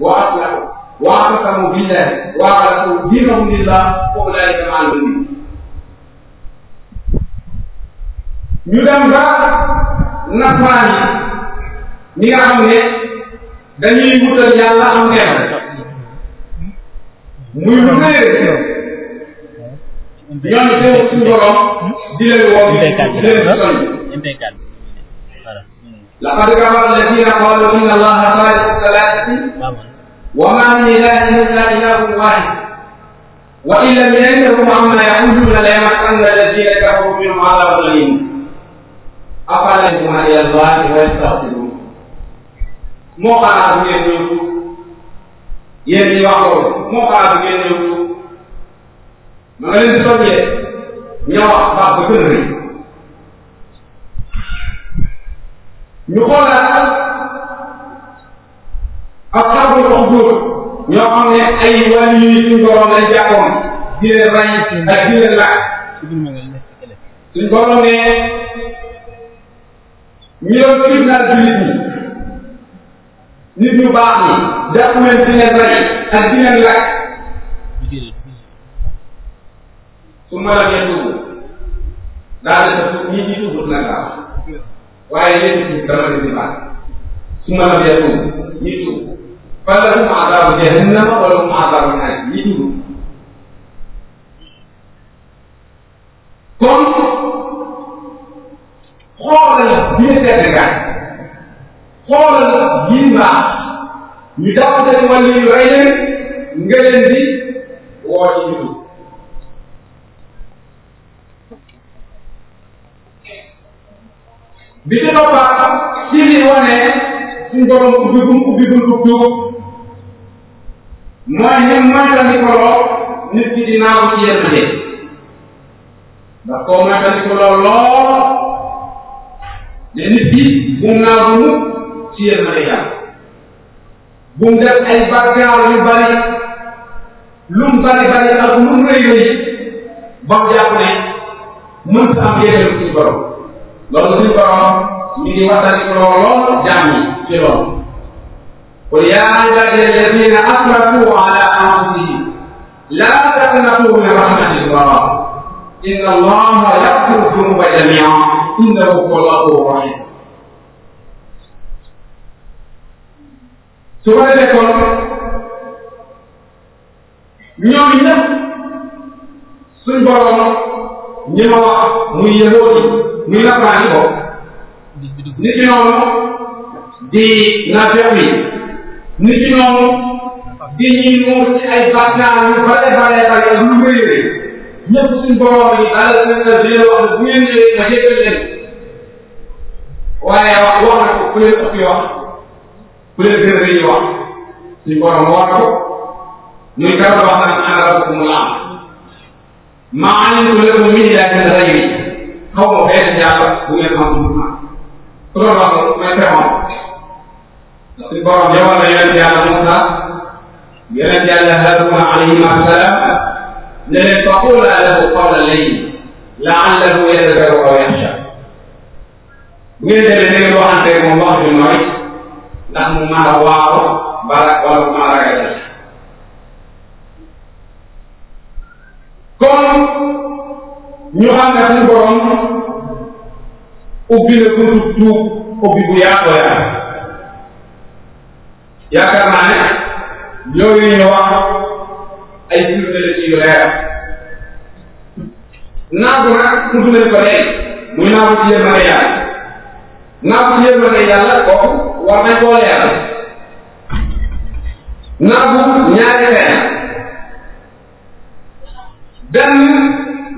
wa aslahu واعتصموا بالله واعرفوا دينهم لله واولئك مع المؤمنين. ñu dem ba nasaraan yi ñi nga xam ne dañuy wutal yàlla am neex muy lu réer ñoom seen suñu borom di leen woo di leen sonn laqad kafara alladina qalu inna allaha thalithu thalathati وما من إله إلا إله واحد وإن لم ينتهوا عما يعبدون ليمسن الذين كفروا منهم عذاب أليم أفلا يهدون إلى الله ويستغفرون moo xanaa bu ngeen yóbbu yéen ñi wax loolu moo xanaa bu ngeen yóbbu ma nga leen soññee ñoo wax baax ba gën a rëy ñu xoolaat asxaabul uxduud ñoo xam ne ay wàllu yu suñ borom lañ jàppoon di leen rey di leen laaj suñ borom ne ñu doon fitnaal jullit ñi nit ñu baax ñi jàpp leen di leen rey ak di leen laaj su ma la ngeen dugg daal di ñi na nga waaye léegi dama leen di baax su ma la ngeen dugg falahum adabu jahannama wa lahum adabu naar ñi dugg kon xoolal biir Sénégal xoolal biir baax ñu daw seen wàll yu rëy leen nga leen di woo ci ñu bi ci toppaat ci li wane suñ borom ubbi ubbi buntu mooy ñoom mooy la ni ko lool nit ki di ko lool lool ne nit ki bu mu naaw bu mukk ci yërmande yàlla bu mu def ay bàkkaaw yu bari lu mu bari bari ak lu mu rëy rëy ba mu jàpp ne mën sa am yéegal ci borom loolu suñu borom mi ngi waxtaan ko lool lool قل يا عبادي الذين أسرفوا على أنفسهم لا تقنطوا من رحمة الله إن الله يغفر الذنوب جميعا إنه هو الغفور الرحيم su ko defee kon ñoom ñëpp suñ borom ñi ma wax muy yëngoo ni muy lafaani ko nit ñi noonu di naafeq yi nit ñi noonu di ñuy muur ci ay bàkkaar yu bare bare bare lu wéyee ñëpp suñ borom yi àll na dina wax bu ngeen ñëwee ma jéggal leen waaye wax wax na ko ku leen ëpp wax ku leen gën a rëy wax suñ borom wax na ko muy kar wax naan ana rabbukum al am ma alimtu lakum min ilahin ghayri xaw ma benn yàlla bu ngeen xam bu ma loolu wax may temoon suñu borom yowal na yonent yàlla Moussa yonent yàlla Haaruna alayhi salaam ne leen faqula lahu qawlan layyinan la'allahu yadhakkaru aw yakhsha bu ngeen demee da ngeen waxante moom wax ju nooy ndax mu maar a waaru bala wala mu maar a ragal kon ñu xam ne suñu borom ubbi na buntu tuub ubbi bu yaatu yaatu yaakaar naa ne ñooñu ñu wax ay firnde ci yu leer naagu nag tudd nañ ko léegi muy naagu ci yéen mën a yàlla naagu ci yéen mën a yàlla kooku war nañ koo leeral naagu ñaari leer benn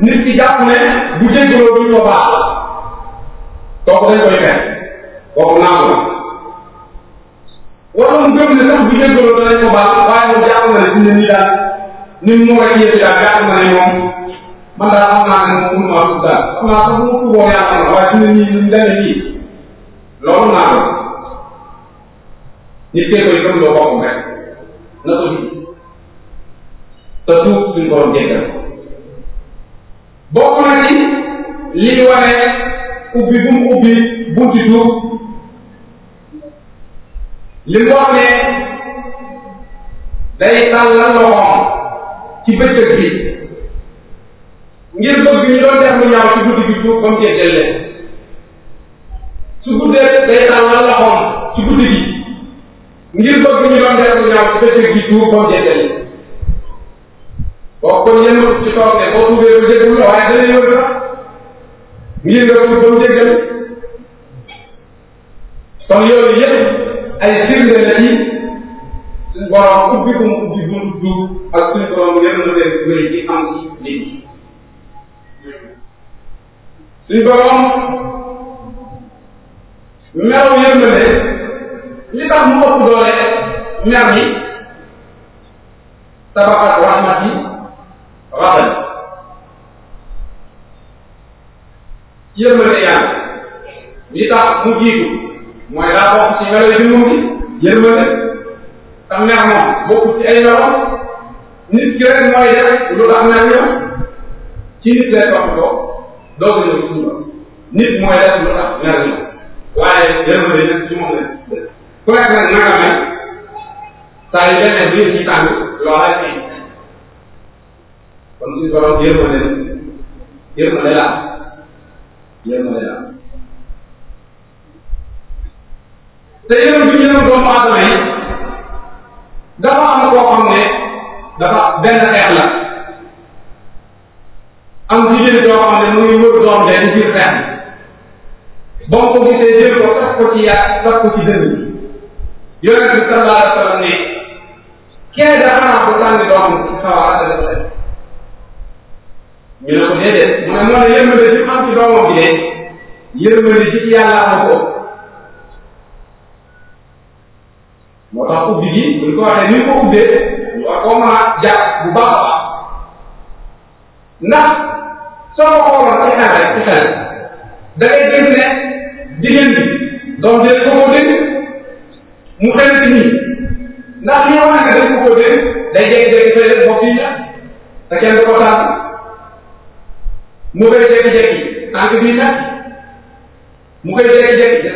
nit ki jàpp ne bu jéggaloo duñ ko baax kooku dañ koy fen kooku naagu waroon gëm ne sax bu jéggaloo danañ ko baax waaye moom jàpp na ne dina ni daal ni mu war a yéete daal jàpp na ne moom man daal xam naa ne moom mënuma tudd daal xam naa sax mu tuddoo yàlla la waaye dina nii ñu dana nii loolu naa la nit kee koy gëm loo boppam rek na ko ji te tuub suñ borom jéggal bokk na ci li wane ubbi bu mu ubbi bunti tuub li mu wax ne day tàllal loxoom ci bëccëg ngir bëgg ñu doon def lu ñaaw ci guddi gi tuub comme jéggal leen su guddee day tàllal loxoom ci guddi gi ngir bëgg ñu doon def lu ñaaw ci bëccëg bi tuub comme jéggal leen kon yéen a ci toog ne boo tuubee ba jéggalu la waaye dana yóbbu la ngir nga tuub comme jéggal kon yooyu ay firnde la ci suñu borom ubbi ko mu ubbi bunt du ak suñu borom yërmande bëri ci am ci nit ñi suñu borom meew yërmande li tax mu ëpp doole mer yi sabaxat rahmat yi raxal yërmande yàlla li tax mu jiitu mooy daa wax ci melo yi moom ci yërmande tax neex moom bokk ci ay melo nit ki mooy def lu tax na ñëw ci nit lay topp ko doo ko ñëw suñu nit mooy def lu tax neex ñëw waaye yërmande nag ci moom la ku nekk nag na nga mel saa yu demee biir ci tàng loola ci kon suñu borom yërmande yërmande laa yërmande laa te yéen bi ñëw doomu aadama yi dafa am koo xam ne dafa benn xeex la am jigéen doo xam ne mu ngi wër doom de ci biir xeex ba mu ko gisee jël ko taf ko ci yaa taf ko ci dënn bi yonent bi sallallahu alayhi wa sallam ne kee da xanaa ko sànni doom ci sawara da def ñu ne ko déedéet mu ne moo ne yërmande ci am ci doomam bi de yërmande ci yàlla am ko moo tax ubbi gi bu ni ñu ko ubbee ñu war koo mën a jàpp bu baax a baax ndax soo ko xooloon ci xel rek doom bi ko koo dégg mu xëy ci nii nga wax ne dañ ko koo dégg day jékki-jékki fay def bopp yi ñax te kenn du ko tànn mu koy jékki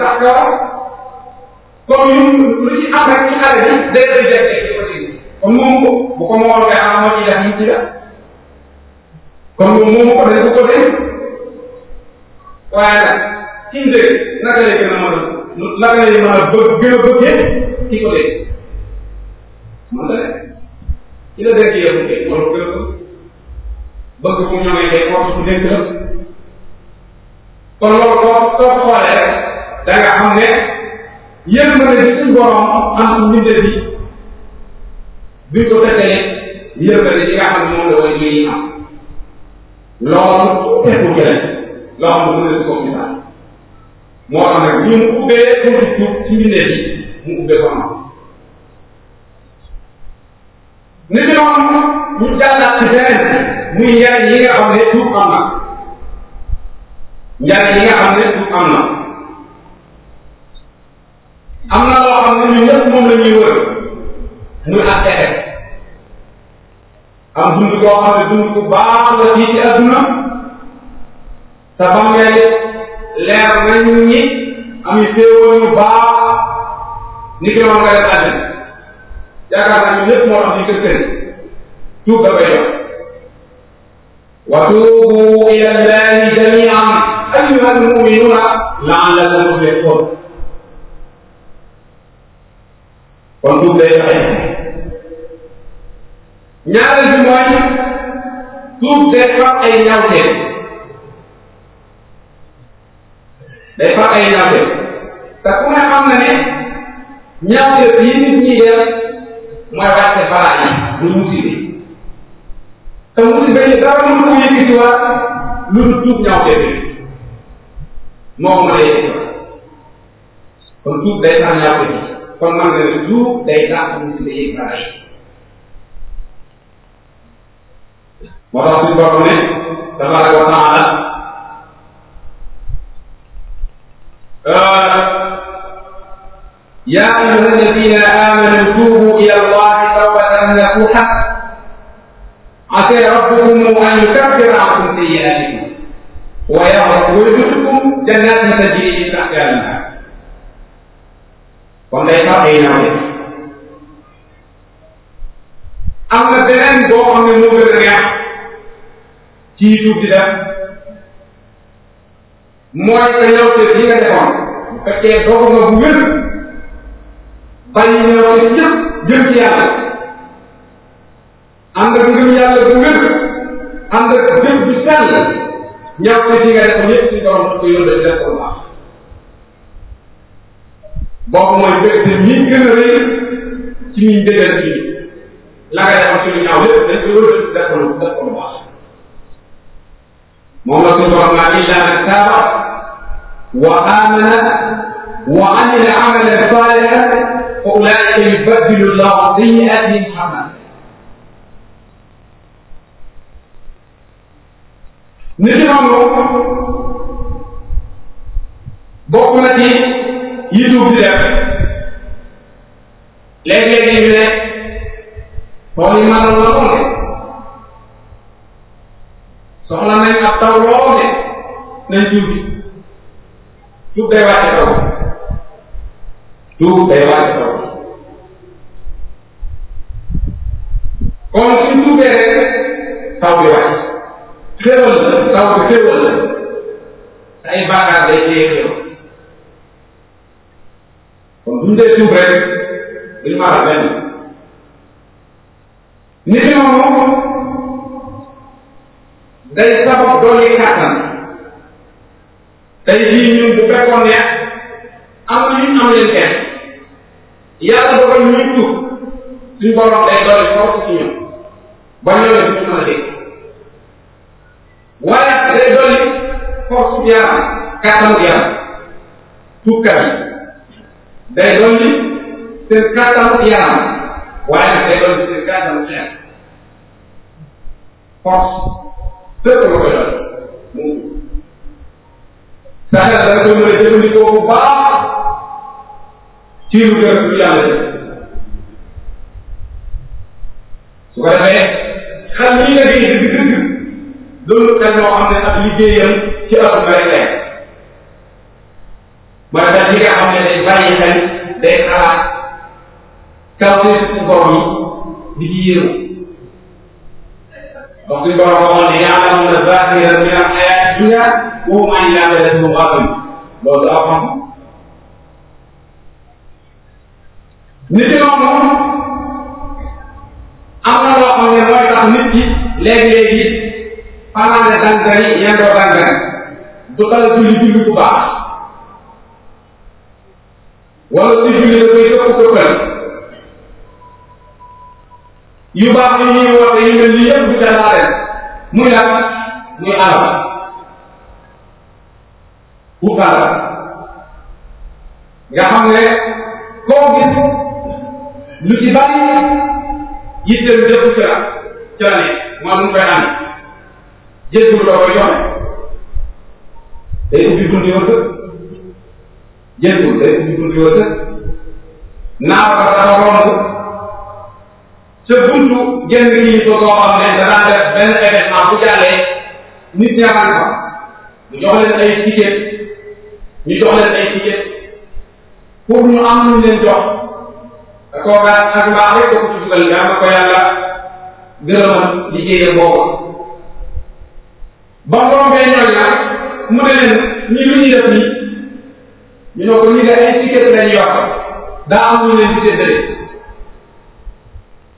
comme ñun lu ci am rek ci xale bi day rejeté kon moomu ko bu ko moomoon kay am moo ci yàq ci la kon moom moomu ko dañ ko ko dee waaye nag ci njëkk naka lay gën a mën a naka lay mën a bëgg gën a bëggee ci ko dee mën na leen ci la dëkk yow kay war ko gën a bëgg bëgg mu ñëwee day wax su nekk la kon loolu boo soo xoolee da nga xam ne yéen ma ne suñu borom am ñu def yi bi ko fekkee yéen ma ne ñi nga xam ne moom la war a ñuy am loolu tegu jële loo xam ne mënees ko misaal moo tax nag ñu mu ubbee pour tuub ci mbindeef yi mu ubbee ko am ni ñu noonu ñu jàllaat ci beneen muy njariñ yi nga xam ne tuub am na njariñ yi nga xam ne tuub am na am na loo xam ne ñun ñëpp moom la ñuy wër muy affaire am dund koo xam ne dund bu baax la ci ci adduna te ba ngay leer nañ ñi am yu teewoo yu baax ni ki noonu nga def àddina yaakaar naa ñun ñëpp moo am ci kër kër tuub da koy jox wa tuubu ila allahi jamian ayuha almuminuuna laallakum tuflixuun kon tuub day sax ñaareel bi mooy tuub day far ay ñaawteel day far ay ñaawteel te ku ne xam na ne ñaawteel yi nit ñi def mooy te musibe yi dara mënu ko yëkkatiwaat lu dul tuub ñaawteel bi moo ko mën a yëkkatiwaat kon tuub kon man la toujours day dàq nit dañuy baax moo tax suñu borom ne tabaraka wa taala يا أيها الذين آمنوا توبوا إلى الله توبة نصوحا عسى ربكم أن يكفر عنكم سيئاتكم ويغفر لكم جنات تجري من تحتها الأنهار kon day sax ay nawle am na beneen boo xam ne moo gën a neex ci tuub di def mooy sa ñawte yi nga defoon bu fekkee doo ko nga bu wér bàyyi ñawte yëpp jëm ci yàlla ànd ak ngëm yàlla bu wér ànd ak jëm bu sell ñawte yi nga defoon yëpp ci borom ko yónnee def ko baax boobu mooy mbégte mi gën a rëy ci ñuy dëggal ci la nga def ci lu ñaaw lépp dañ ko wër def ko lu def ko lu baax moom la suñu borom naa illa man taaba wa amana wa amila amalan salihan fa ulaika yubaddilu llahu sayyiatihim hasanat nit ñi noonu bokk na ci yi dugg di def léeg-léeg ñu ne tool yi maanaam lool ne soxla nañ ab taw lool ne nañ tuuti tuub day wàcce taw tuub day wàcce taw kon suñ tuubee rek taw bi wàcc xéewal la taw bi xéewal la ay baakaar kon bu ñu dee tuub rek duñu maara benn nit noonu day sabab dolli kàttan tey jii ñun bu fekkoon ne am na ñu am leen kenn yàlla dogal ñuy tuub suñu borom day dolli foofu ci ñun ba ñëwee duñu mën a dégg waaye day dolli foofu ci yaram kàttanu yaram tuubkat yi day dolli seen kàttanu yaram waaye nag day dolli seen kàttanu xeex la mu sax la dana koy mën a jëfandikoo bu baax ci lu gën lu yàlla su ko defee xam yi nga gis dëgg dëgg loolu kan ci ëpp nga rek mooy daal yi nga bàyyi xel day xalaat kàddu suñu borom yi di ci yéeru donc suñu borom waxoon ne ya'lamuna zaahiran min al-hayaati dunya wa hum 'ani l-aakhirati hum ghafilun loolu aw xam nit yi noonu am na loo xam ne mooy tax nit ki léegi-léegi pendant les engrais yi yendoo engrais du dal julli julli bu baax wala di julli dafay ëpp ko fen yu baax yi ñuy woote yu mel ni yëpp bi dalaaren ah, muy lan muy alal utal nga xam ne koo gis lu ci bari yitteem dëpp ca ca ne moo nu koy am jël ko joxe day ubbi bunti wërsëg jëndul day ñu buntu yoo tëdd naa ko dafa romb ca buntu jënd yi soo ko xam ne danaa def benn événement bu jàllee nit ñaxal ko ñu jox leen ay ticket ñu jox leen ay ticket pour ñu am lu leen jox da koo baax ak mbaax rek ko ci dugal yaa ma ko yàlla gërëmal liggéeyee boobu ba mu rombee ñooñu nag mu ne leen ñi lu ñuy def nii ñu ne ko ñu nga étiquette lañ yor daa am lu leen di séddale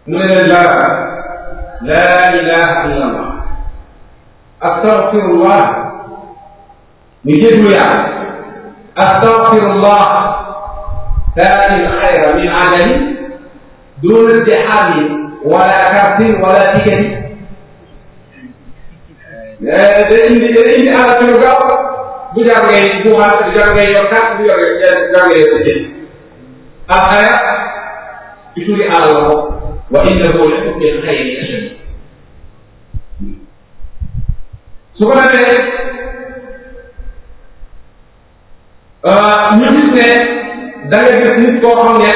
mu ne leen dara laa ilaha illa allah astaghfirullah ñu jéglu yàlla astaghfirullah taani xayra min adami duuna dixaami wala kartin wala tikati eh, da indi da indi arab yu bu jar ngay buuxaat bu jar ngay yor kàtt bu yor jar ngay yor jënd ak xaya ci turi àll wa innahu la min xayri ashad su ko defee ah, ñu gis ne da nga gis nit koo xam ne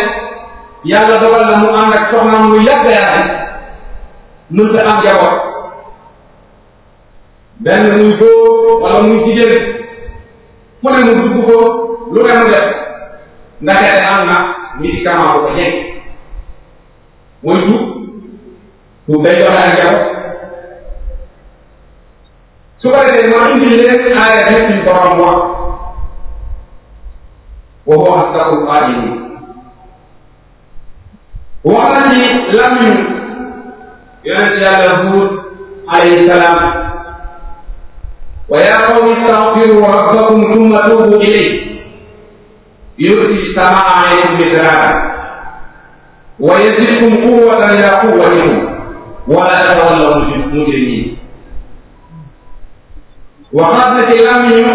yàlla dogal na mu ànd ak soxnaam lu yàgg yàgg mënut a am jaboot benn muy góor wala muy jigéen fu ne mu dugg ko lu ne mu def ndaxte am na médicament bu ko nekk mooy tuub tuub day joxe ak yow su ko defee moo indi leen aaya bi suñu borom wax wa huwa asdaqul qaa'iliin wax na ci lam ñu yonent yàlla Huud alayhi salaam wa yaa qawmi istaghfiru rabbakum thumma tuubu ilayhi yursil samaa alaykum midrara wa yazidkum quwwatan ila quwwatikum wa la tatawallaw mujrimin wa xas na ci làmmiñu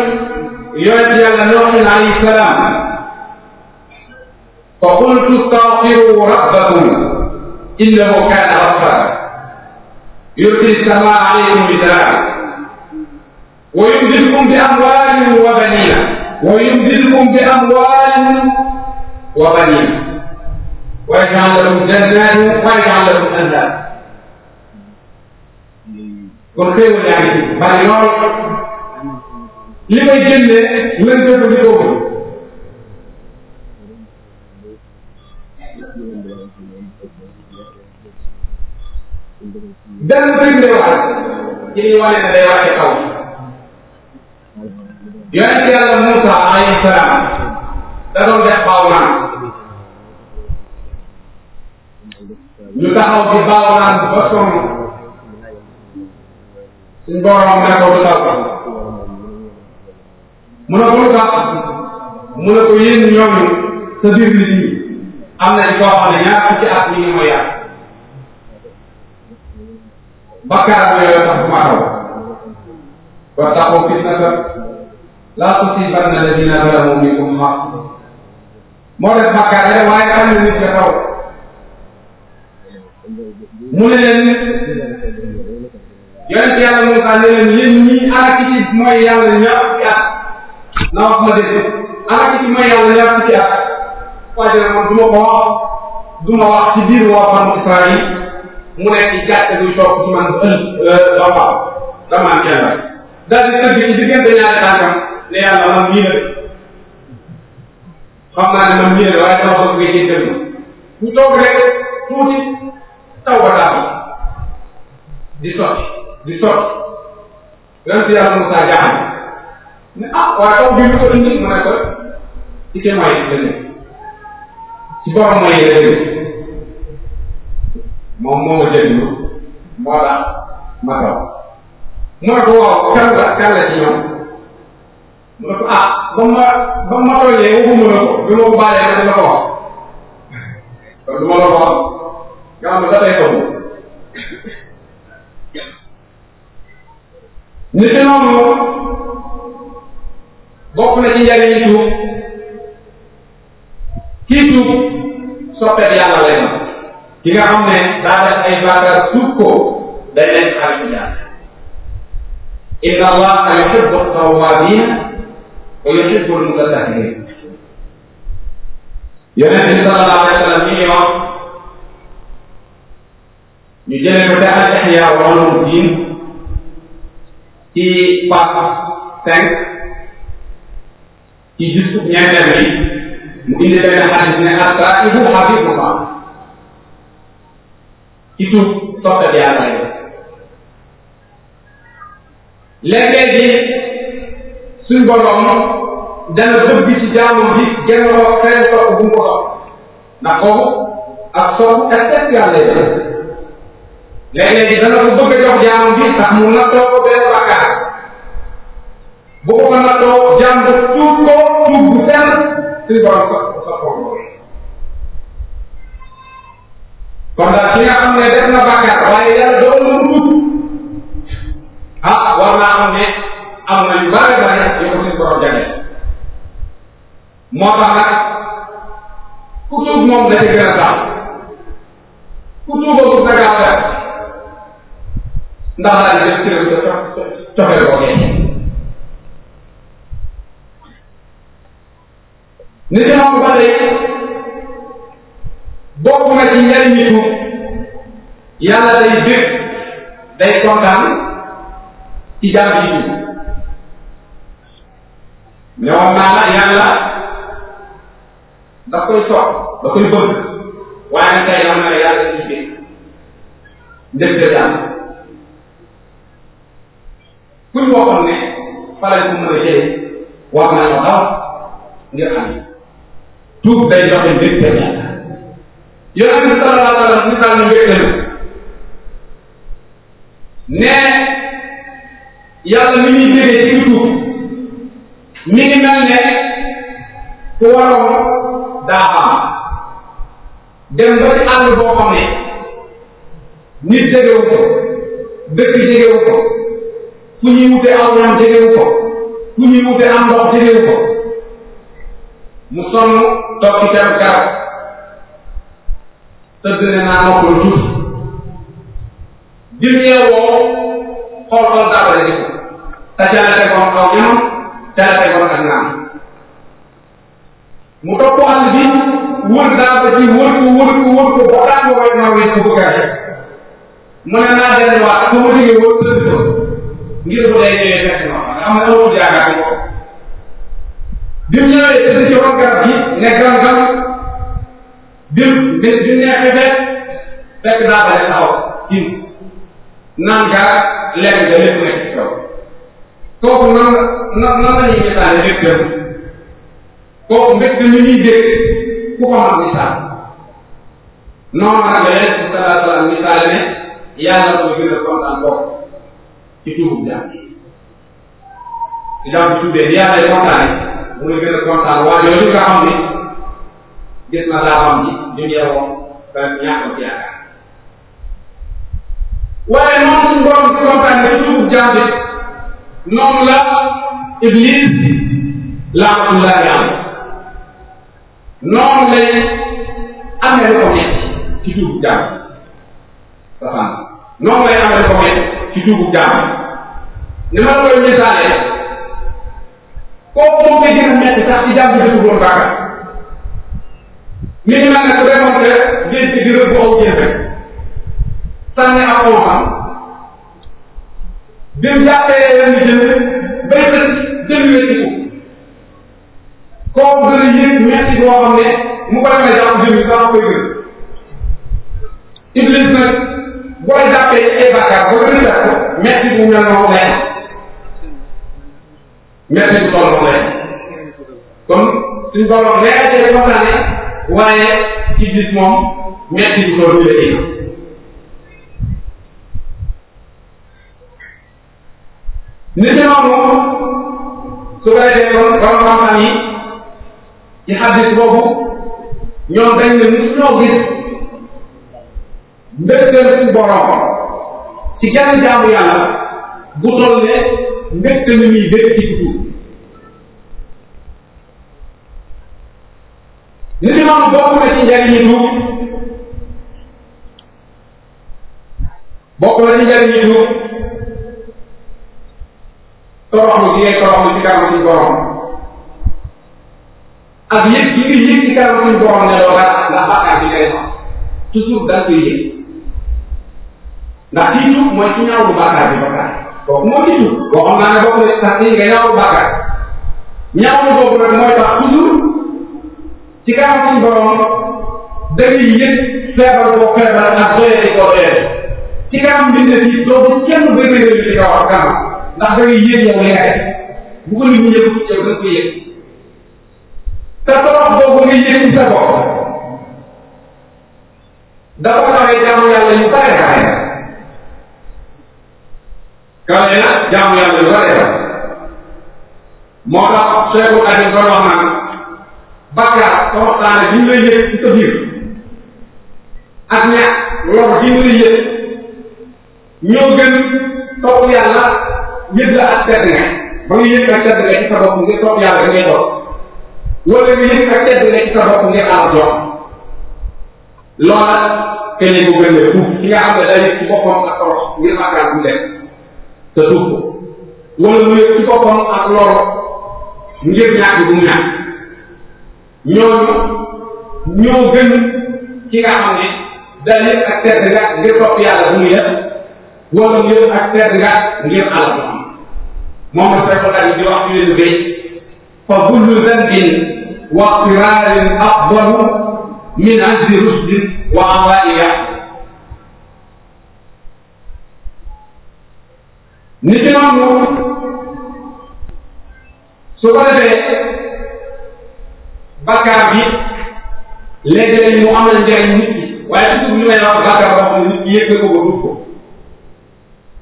yonent yàlla Nuuh alayhi salaam fa qultu istaghfiru rabbakum innahu kaana ghaffara yursil samaa alaykum midrara ويمددكم بأموال وبنين ويمددكم بأموال وبنين ويجعل لكم جنات ويجعل لكم أنهارا kon xéewal yaa ngi ci bari lool li may jëndee lan jënd bi ko benn firnde waat ci li wane ne day wàcce kaw yonent yàlla Moussa alayhi salaam da doon def baawnaan ñu taxaw ci baawnaan ba sonn suñ borom ne ko lu tax mu ne ko lu tax mu ne ko yéen ñooñu sa biir nit ñi am nañ koo xam ne ñaar fukki at mi ngi mooy yàq bakkaar yooyu tax mu araw ba taxaw fitna laa tusiibanna alladina zalamu minkum maxsum moo def bàkkaar la waaye am na nit ca kaw mu ne leen yonent yàlla Muusaa ne leen yéen ñii alaki ci mooy yàlla ñaar ci at na wax ma dégg alaki ci mooy yàlla ñaar ci at waaye nag man du ma ko wax du ma wax ci biir waa Banu Israayil mu nekk gàcce du toog ci man ëllëg euh, dama dama am kenn daal di tëgg ci diggante ñaari tànkam ne yàlla man nii la de xam naa ne man nii la de waaye dama ko ngay jëndal ma ku toog rek tuuti taw ba daal di sotti di sotti yonent yàlla Moussa jaaxal ne ah waaye taw bi ñu ko indi mu ne ko ci kéemaa yi la nekk ci borom mooy yéen a moom moo ma jënd moo tax ma taw mu ne ko waaw kan la kan la ci ñoom nga ko ah ba ma ba ma tollee waxuma la ko bi ma ko baalee rek dama ko wax kon du ma la ko wax ne dafay taw nit ki noonu bokk na ci njëriñ tuub kii tuub soppeeku yàlla lay na nga xam ne daa def ay bàkkaar tuub ko day leen xarit yàlla inna allaha wa yuhibbu al-mutatahhirin yonent bi sallallahu alayhi wa sallam ñu wax ñu jëlee ko ca al-Ihya wa Ulumuddin ci pàcc cinq ci juste ñeenteel bi mu indi benn xadis ne at-taa'ibu habibuka ci suuf soxna bi yàlla léeg-léeg suñ borom dana bëgg ci jaamu bi gennoo fenn sopp bu mu ko xam ndax kooku ak sopp spécial lay def léeg-léeg dana ko bëgg a jox jaamu bi ndax mu nattoo ko benn bàkkaar ko ko bu sell suñ borom sax soppoo ko kon daal ki nga xam ne def na bàkkaar waaye yàlla doon na mu tuub ah war naa am ne am na yu bare bare yoo ko suñu borom jagleel moo tax nag ku tuub moom la ci gën a gaaw ku tuubagul na gaaw rek ndax daal di ci réew dafa cofee boo kee ni ci xam ba léegi bokk na ci njëriñ ñi tuub yàlla day bég day kontaan ci jaam yi tuub ne woon naa la yàlla da koy soog da koy bëgg waaye nag tey dama ne yàlla ci biir ne faral bu mën a jëlee war naa la xaw ngir xam tuub day joxe mbir te yàlla yonent bi mi ngi mel ne ku waroon dem ba ci boo xam ne nit jegewu ko dëkk jegewu ko fu ñuy wute aw ñam jegewu ko fu ñuy wute am ndox jegewu ko mu sonn toog ci teru garab tëdd ne naa ma koy tuuti jël yeewoo xool xool daabale di ko tajaale tegoon aw teel a koy ak naam mu topp àll bi wër daa ba ci wër ko wër ko wër ko ba daa ko way naa wéy ko bëgg a mu ne naa delluwaat su ma déggee wër dëgg ko ngir bu day ñëwee fekk na ma am na amul jaagaat ko bi mu ñëwee tëdd ci ron garab gi nekk ron garab bi bi bi neexee fekk fekk daa ba taxaw ci naan garab lekk nga lépp nekk ci kaw kooku noonu noonu noonu la ñuy misaale mbégteem kooku mbégte mi ñuy dégg ku ko xam misaal noonu nag la yéen si salaa salaam misaale ne yàlla moo a kontaan bopp ci tuubu jaam jaam bi tuddee yàlla lay kontaane mu la a kontaan waa yooyu nga xam ne na daa xam ni li mu yewoon ba ñàkk ci yaakaar waaye noonu suñu borom ci kontaan ne tuubu jaam bi noonu la Iblis laanatullaahi alayhi noonu lay amee lu ko nekk ci duubu jaam safaan noonu lay amee lu ko nekk ci duubu jaam ni ma la koy misaalee kooku moom lay gën a metti sax ci jaam bi dëgg boobu baaga mi ngi mel ne su récolté géej gi di rëbb aw jéem rek sànni ak xam bi mu jàppee ni jënd bay tëdd déggee ko koo gën a yëg métti boo xam ne mu koy may jàpp jëm yi sama koy gën iblis nag booy jàppee ay bàkkaar boo gën a jàpp métti bu mel noonu lay métti bu toll lay kon suñ ko wax leeral ci dafa tànne waaye iblis moom métti bu toll lay nit ñi noonu su ko defee kon borom xam-xam yi ci xaddis boobu ñoom dañ ne nit ñoo gis mbégteel suñu borom ci kenn jaamu yàlla bu toll ne mbégte ni muy gën ci dugub li ñu wax bokk na ci njariñu tuub bokk na ci njariñu tuub toroxlu gi ngay toroxlu ci kanam suñu borom ak yëg gi ngay yëg ci kanam suñu borom ne loo daan ndax bàkkaar bi ngay wax toujours daal koy yëg ndax kii tuub mooy ci ñaawlu bàkkaar bi bàkkaar kooku moo ci tuub waxoon naa ne bokk na sax nii nga ñaawlu bàkkaar ñaawlu boobu nag mooy tax toujours ci kanam suñu borom da ngay yëg feebar boo feebar ak doyee ko doyee ci kanam bind si doo ko kenn bëgg a yëg ci kaw ak kanam ndax da ngay yéeg yow li nga def bu ko nit ñi yëg yow da nga koy yëg te torox boobu nga yëg ci sa bopp dafa tawee jaamu yàlla yu bare bare kaw ne na yu bare bare moo tax Seexul Xadiim doon wax naan bakkaar toroxtaane bi ñu lay yëg ci sa biir ak ñàkk lor bi ñu lay yëg ñoo gën yëg la ak tedd nga ba nga yëg ak tedd nga ci sa bopp ngir toog yàlla da ngay toog wala nga yëg ak nga ci sa bopp ngir aar jox loola keneen bu gën a tuub ki nga xam ne daa yëg ci boppam ak torox ngir màggal bu def te tuub ko wala mu yëg ci boppam ak loro ngir ñàkk bu mu ñàkk ñooñu ñoo ki nga xam ne daa ak tedd nga ngir topp yàlla bu muy def wala mu yëg ak tedd nga ngir alal moom la fekkoon daal di wax ñu leen béy fa kullu zanbin wa qiraarin afdalu min ajli rusdin wa awaiya ni ci noonu su ko defee bakkaar bi léeg-léeg mu amal njëriñ nit ki waaye surtout li may wax bakkaar boo xam ne nit ki yëg na ko ba duuf ko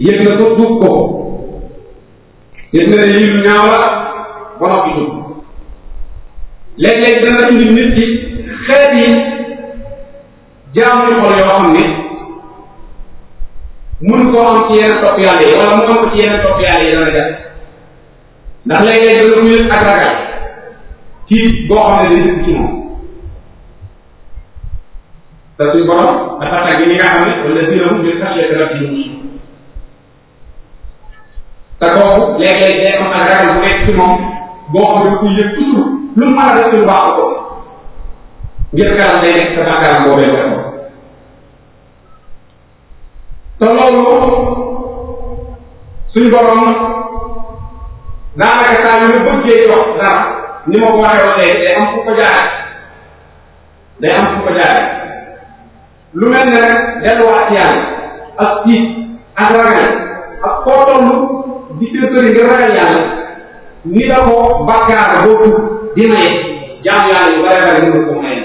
yëg na ko duuf gis nga ne lii lu ñaaw la ba noppi jub léeg-léeg dana indi nit ki xeet yi jaamu xol yoo xam ne mun koo am ci yenn topp yàlla yi wala mu am ko ci yenn topp yàlla yi dana def ndax léeg-léeg dana ko yëg ak ragal ci boo xam ne dañ dëkk ci moom te suñ borom dafa tàgg ñi nga xam ne wala dina mu jël sax lekk rab yi te kooku léeg-léeg day am ak ragal bu nekk ci moom boo xam ne ku yëg a def lu baax ko ngir kanam day nekk sa bàkkaaram te loolu suñu borom daanaka saa yu ñu bëggee wax dara ni ma ko waxee woon léegi day am fu ko jaare day am fu ko jaare lu mel di tëkkale nga ragal yàlla ni la ko bàkkaar boobu di maye jaam yàlla yu bare bare mënu ko maye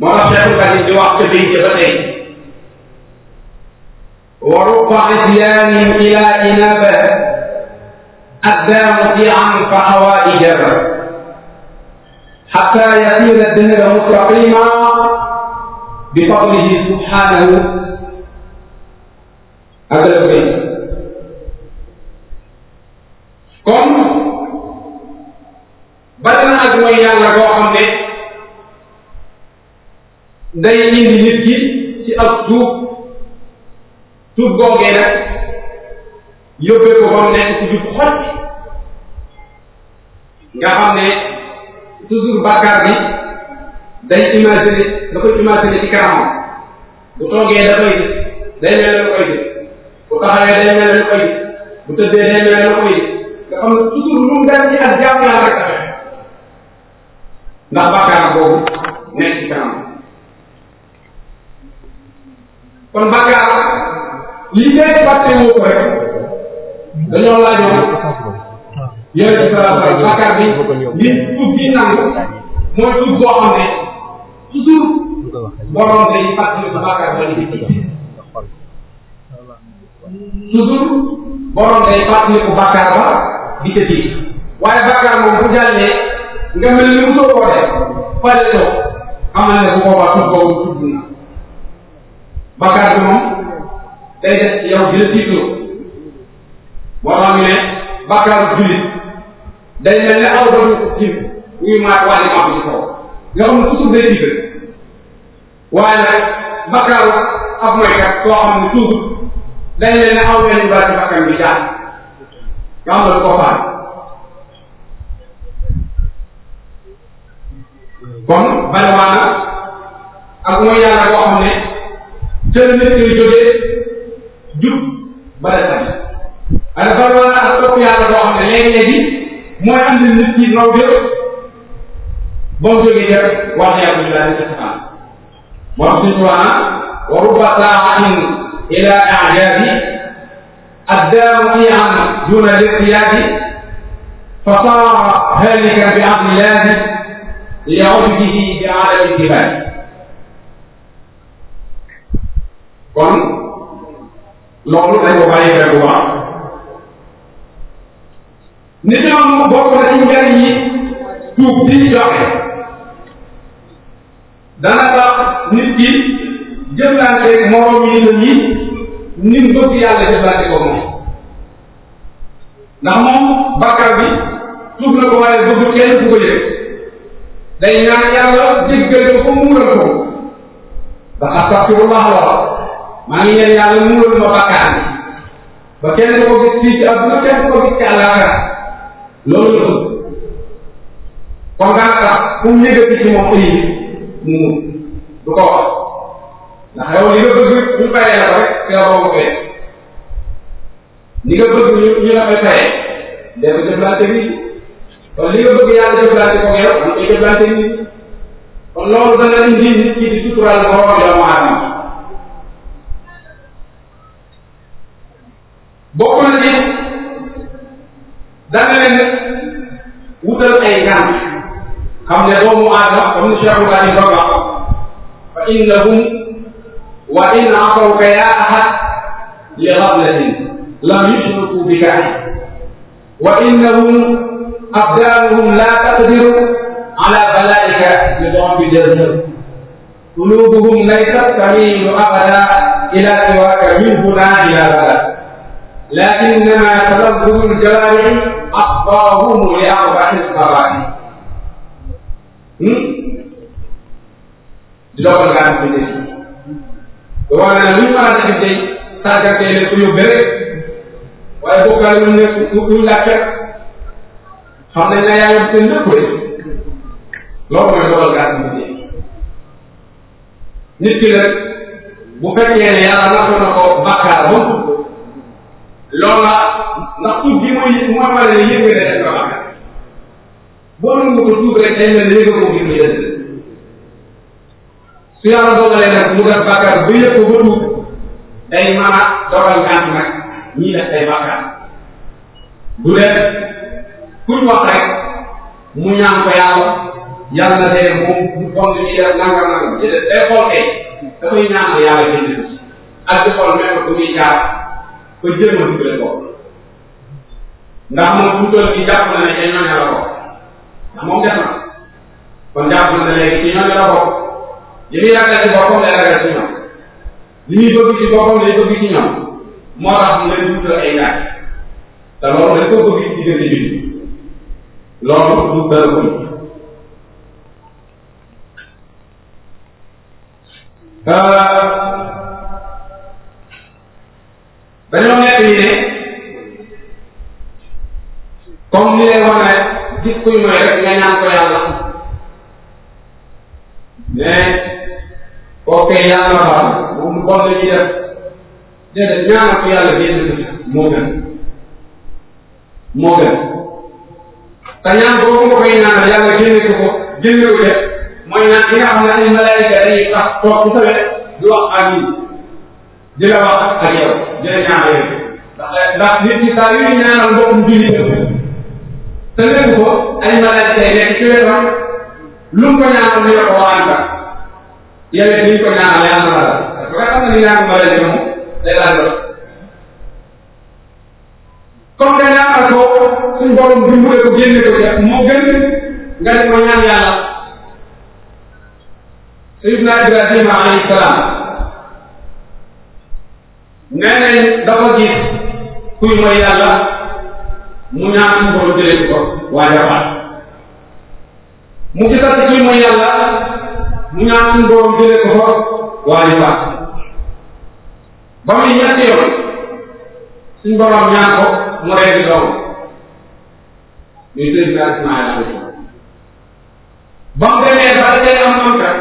moo tax Cheikh Kadi di wax ca fii ca ba tey wa rubba islaamin ila inaba addaa mutian fa awa ijaba xatta mustaqima bi fadlihi subhanahu agalkoy kon bari na ak mooy yàlla koo xam ne day indi nit ki ci ab tuub tuub googee nag yóbbee ko bam nekk ci jub xot nga xam ne day imaginer da koy imaginer ci kanamam bu toogee da koy gis day mel ne koy gis bu taxawee day mel ne koy gis bu tëddee day mel ne koy gis nga xam ne toujours lu mu daan ci ak jàmm laa rek ndax bàkkaar boobu nekk ci kanam kon bàkkaar li ngay fàtte woo ko toujours borom day fàttali sa bàkkaar ba di toujours borom day fàttali ko bàkkaar ba di ca tiit waaye bàkkaar moom bu jàllee nga mel ni mu soo koo def na ne bu boobaa boobu tudd na bàkkaar bi moom day def yow di la tiitloo borom ne bàkkaaru jullit day mel ne aw ma am ci nga xam ne toujours day digal waaye nag bakkaaru ab moykat soo xam ne toujours dañ leen ne aw benn baat ci bakkan bi jaar nga xam ne du ko faal kon balawaana ak mooy yàlla boo xam ne jël nit ñi jógee jub ba desal ak balawaana ak topp yàlla boo xam ne léegi-léegi mooy andi nit ñi raw yëpp boo jógee yëpp wax yàlla ñu daal di def xaal moo tax suñu wax wa rubba saatin ila a'jaabi addaamu fi am duna lirtiyaati fa saara halika bi amlilaahi yaud bihi bi alami dibaay kon loolu dañ ko bàyyi rek bu baax nit ñoom bokk na ci njëriñ yi tuub di joxe dana tax nit ki jëflanteeg morom yi la ñi ni mu bëgg yàlla jëflante ko moom ndax moom bi tuub na ko waaye bëgg kenn ku ko yëg day ñaan yàlla jéggal ko ko muural ko ba astaxfirullah la maa ngi ñaan yàlla muural ma bàkkaar bi ba kenn ko gis fii ci àdduna kenn ko gis ci àllaaxira loolu comme daanaka fu mu yëgati ci moom mu mun du ko wax ndax yow li nga bëgg ñu fayee la ko rek te la ko fayee li nga bëgg ñu ñu la koy fayee dee ko jëflante bi kon indi nit ki di suturaal borom yow maanaam bokk na ci da nga xam ne doomu aadama comme ni Cheikh Ibrahim ba wax fa innahum wa in afawka ya ahad li xablatin lam yushriku bika wa innahum abdaanuhum la taqdiru ala balaika li dombi dëgër qulubuhum laysat tamilu abada ila siwaka min huna ila bala lakinnama taladdu ljawaarix axbaahum li arbaxi sabaabi Hmm? di doxal gàncax gi tey ba wax naa lu ñu mën a def tey sànqante yi ku yóbbee rek waaye bokkaale ne ku ku laajte xam nañ ne yaa ngi seen lépp rek loolu mooy doxal gàncax gi tey nit ki nag bu fekkee ne yàlla naxu na ko bàkkaar ba loola ndax tuuti muy mu amal ne yëngu ne def nga bàkkaar boo mën nga ko tuub rek day mel ni ko ngir mu jënd su yàlla dogalee nag mu def bàkkaar bu yëg ko ba tuub day mën a dogal gànt nag ñii def day bàkkaar bu dee kuñ wax rek mu ñaan ko yàlla yàlla de moom mu fond ci def nangam nangam ci def day xool kay dafay ñaan yàlla jënd ak di xool même bu muy jaar ba jënd ko ndax moom bu toll ci jàpp na ne dañoo ñaar ko ndax moom def na kon jàpp na léegi ci ñoom la bokk li muy ragal ci boppam lay ragal ci ñoom li muy bëgg ci boppam lay bëgg ci ñoom moo tax nga dugal ay ñaar te loolu dañ ko bëgg ci diggante bi loolu du dara ko kuy mooy rek nga ñaan ko yàlla mais kookee yàlla baal moom bon la ñuy def déedéet ñaanal ko yàlla génn na moo gën moo gën te ñaan boobu nga koy ñaanal yàlla génne ko ko génne ko def mooy naan ki nga xam ne ay malaayika dañuy tax toog ku sawet di wax amin di la wax ak yow di la ñaanal yow ndax nit ki saa yu ñaanal mbokkum julli te dégg ko ay malade day nekk ci wetam lu mu ko ñaanal ñu ne ko waan ba yow it ñu ko ñaanal yaa malade parce que xam nga ni ñaan malade moom day laaj la comme que ñaanal ko suñ borom dimbale ko génne ko ca moo gën nga ne ko ñaan yàlla Sayyidna Ibrahima alayhi salaam nee nañ dafa gis kuy mooy yàlla mu ñaan suñu borom jëlee ko waaye rawaat mu gisati ci mooy yàlla mu ñaan suñu borom jëlee ko fa waaye faat ba muy ñetti yoon suñu borom ñaan ko mu rey bi doom muy sëñ bi Ismaïla alayhi ba mu demee ba tey am am kat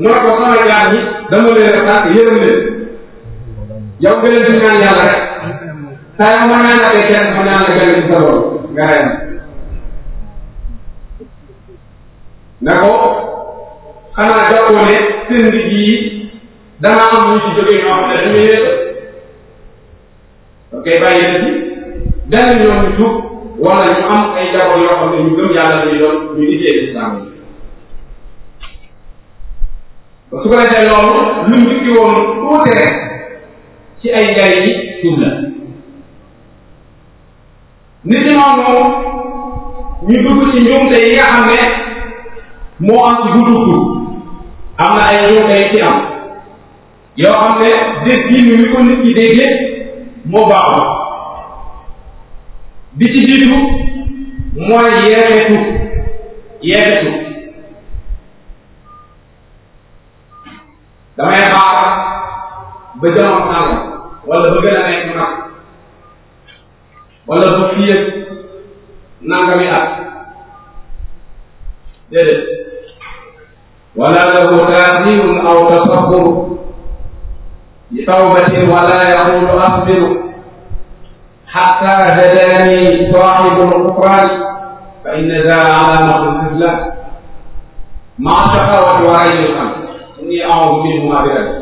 mu ne ko sama gaar ñi dama leen a tàkk yërëm leen yow nga leen di ñaan yàlla rek saa ma naanate kenn ma naanate ci sa bopp nga rey na ko xanaa jàppoo ne seen liggéey dana am ñu ci jógee ñoo xam ne dañuy yéex ok bàyyi na ci benn ñoom ñu tuub wala ñu am ay jaboot yoo xam ne ñu gëm yàlla dañuy doon ñu liggéey islam yi su ko defee loolu lu ñu ci woon tuuti rek ci ay njariñ yi tuub la nit ñi noonu ñu dugg ci njuumte yi nga xam ne moo am ci guddutu am na ay njuumte yi ci am yoo xam ne dégg ni ko nit ñi déggee moo baaxul bi ci jiitu mooy yeeretu yeeretu damay xaar ba jamono sànq wala ba gën a nekk nag wala ba fii ak nangami at déedéet wala lahu taasirun aw tasaxur bi tawbatin wala yaqulu asbiru xatta hadaani saaxibu lkufraan fa inna daa alaamatun fidla maa shaqawati wa rayi lxam inni aawdu minhuma bi rabbi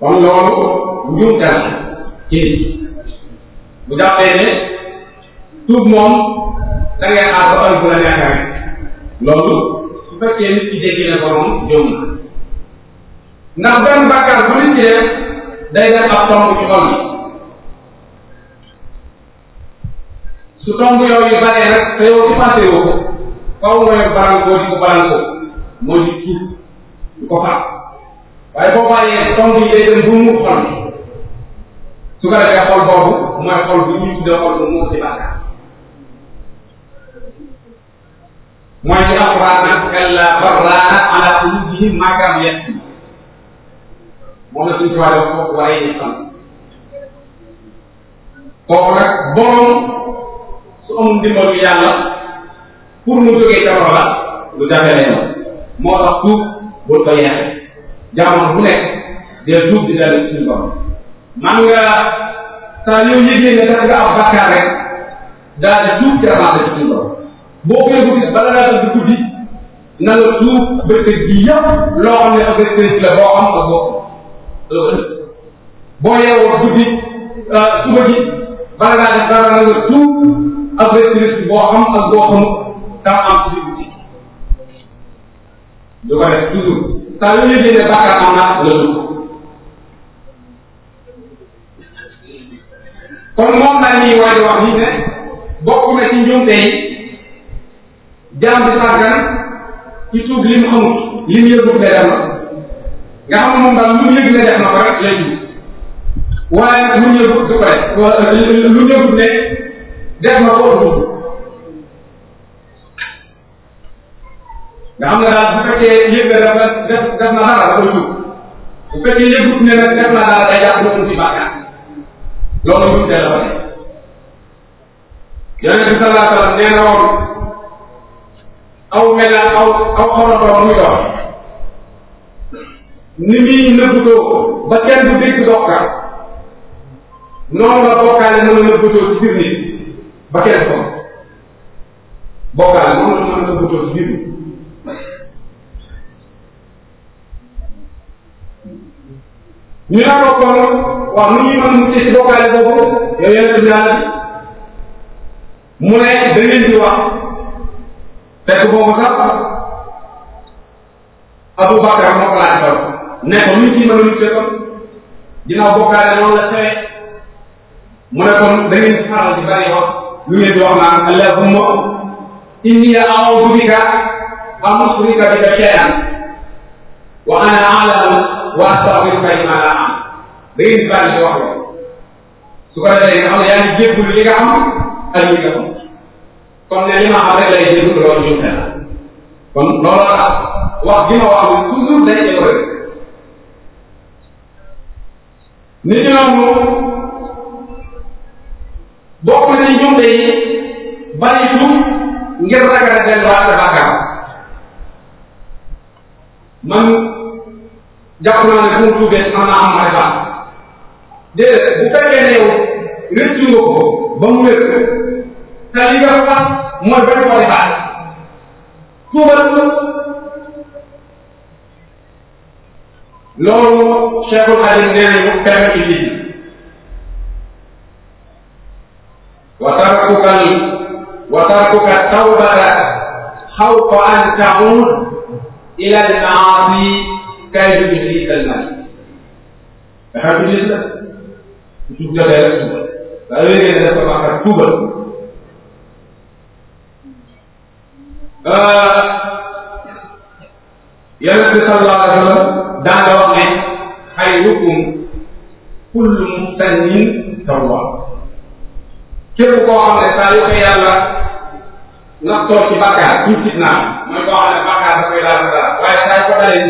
kon loolu njuumte la ci bu jàppee ne tuub moom da ngay aar ba bu la neexee loolu su fekkee nit ki jéggi na borom jëm na ndax benn bàkkaar bu nit ci def day def ab tomb ci xol bi su tomb yooyu baree nag te yow ci passé woo ko nga yor barankoo di ko barankoo moo di tuub du ko faat waaye boo bàyyee tomb yi day dem bu su ko defee xol boobu mooy xol bu ñuy tuddee xol bu muur di bàkkaar mooy ci alquran nag kalla barraana ala qulubihim maa kaanu yaksibuun moom la suñu tubaab yi wax waaye ñu xam kooku nag borom su amul ndimbalu yàlla pour mu jógee ca loola lu jafe lay doon moo tax tuub bul ko yeexe jamono bu nekk dee tuub di dellu suñu borom man nga saa yow ne def nga ab bàkkaar rek daal di tuub ca avancé ci suñu borom boo koy bëgg bala ngaa def guddi na nga tuub bëccëg bi yëpp loo ne objectif la boo xam nga boo boo yeewoo guddi ah, suba gi bala ngaa def dara na nga tuub objectif boo xam ak boo xam tam am ci guddi du ko def toujours saa yow yëgee ne la tuub kon moom laa ñuy waaj wax ni ne bokk na ci njuumte yi jaam bi sàggan ci tuub li mu xamut li mu yëgul ne def na nga xam ne moom daal lu mu yëg ne def na ko rek lay tuub waaye nag lu mu yëgut du ko def lu mu yëgut ne def na ko du nga xam ne daal bu fekkee yëg na def na def na dara dafa tuub bu fekkee yëgut ne nag def na dara day yàq lu mu ci bàkkaar loolu ñu teel a bëri yonent bi sallallahu alayhi wa sallam na woon aw mel aw aw xorondoo muy dox ni muy nëbbutoo ba kenn du dégg dokkaal noonu la bokkaale mën a nëbbutoo ci ba kenn ko bokkaale moom la mën a nëbbutoo ci biir nit ko kon waaw nu ñuy mën a mucc ci bokkaale boobu yow yonent bi daal mu ne da ngeen di wax fekk boobu sax Abu Bakar moo ko laaj doon ne ko nu ñu ciy mën a mucc kon ginnaaw bokkaale noonu la xewee mu ne kon da ngeen di faral di bari wax lu ngeen di wax naan allahumma inni a'udhu bika an ushrika bika shay'an wa ana a'lamu wa astaghfiruka lima la a'lam da ngeen di bàyyi si wax loolu su ko defee nga xam ne yaa ngi jéggul li nga am ak li nga kon ne li ma xam rek lay jéggul loolu ñu ne la kon loolu la wax gi ma wax toujours day ñëw rek nit ñi noonu bokk na ni ñoom day bari tuub ngir ragal seen baata bàkkaar man jàpp naa ne bu mu tuubee am naa am ma déedéet bu fekkee ne yow rëccu nga ko ba mu wér te li nga wax mooy benn ko xaar tuubal loolu Cheikhul Xadim nee nañu kenn ci lii wa tarkuka wa tarkuka tawbata xawfa an taud ila al kay du iblis al mal dafa iblis la su jotee rek tuubal waaye léegi ne dafa baaxal tuubal yonent bi sallallahu alayhi wa sallam daan la wax ne xayrukum kullu muhtanin tawwa képp koo xam ne saa yu ko yàlla naxtoo ci bàkkaar tuub ci naa mooy koo xam ne bàkkaar dafay laal dara waaye saa yu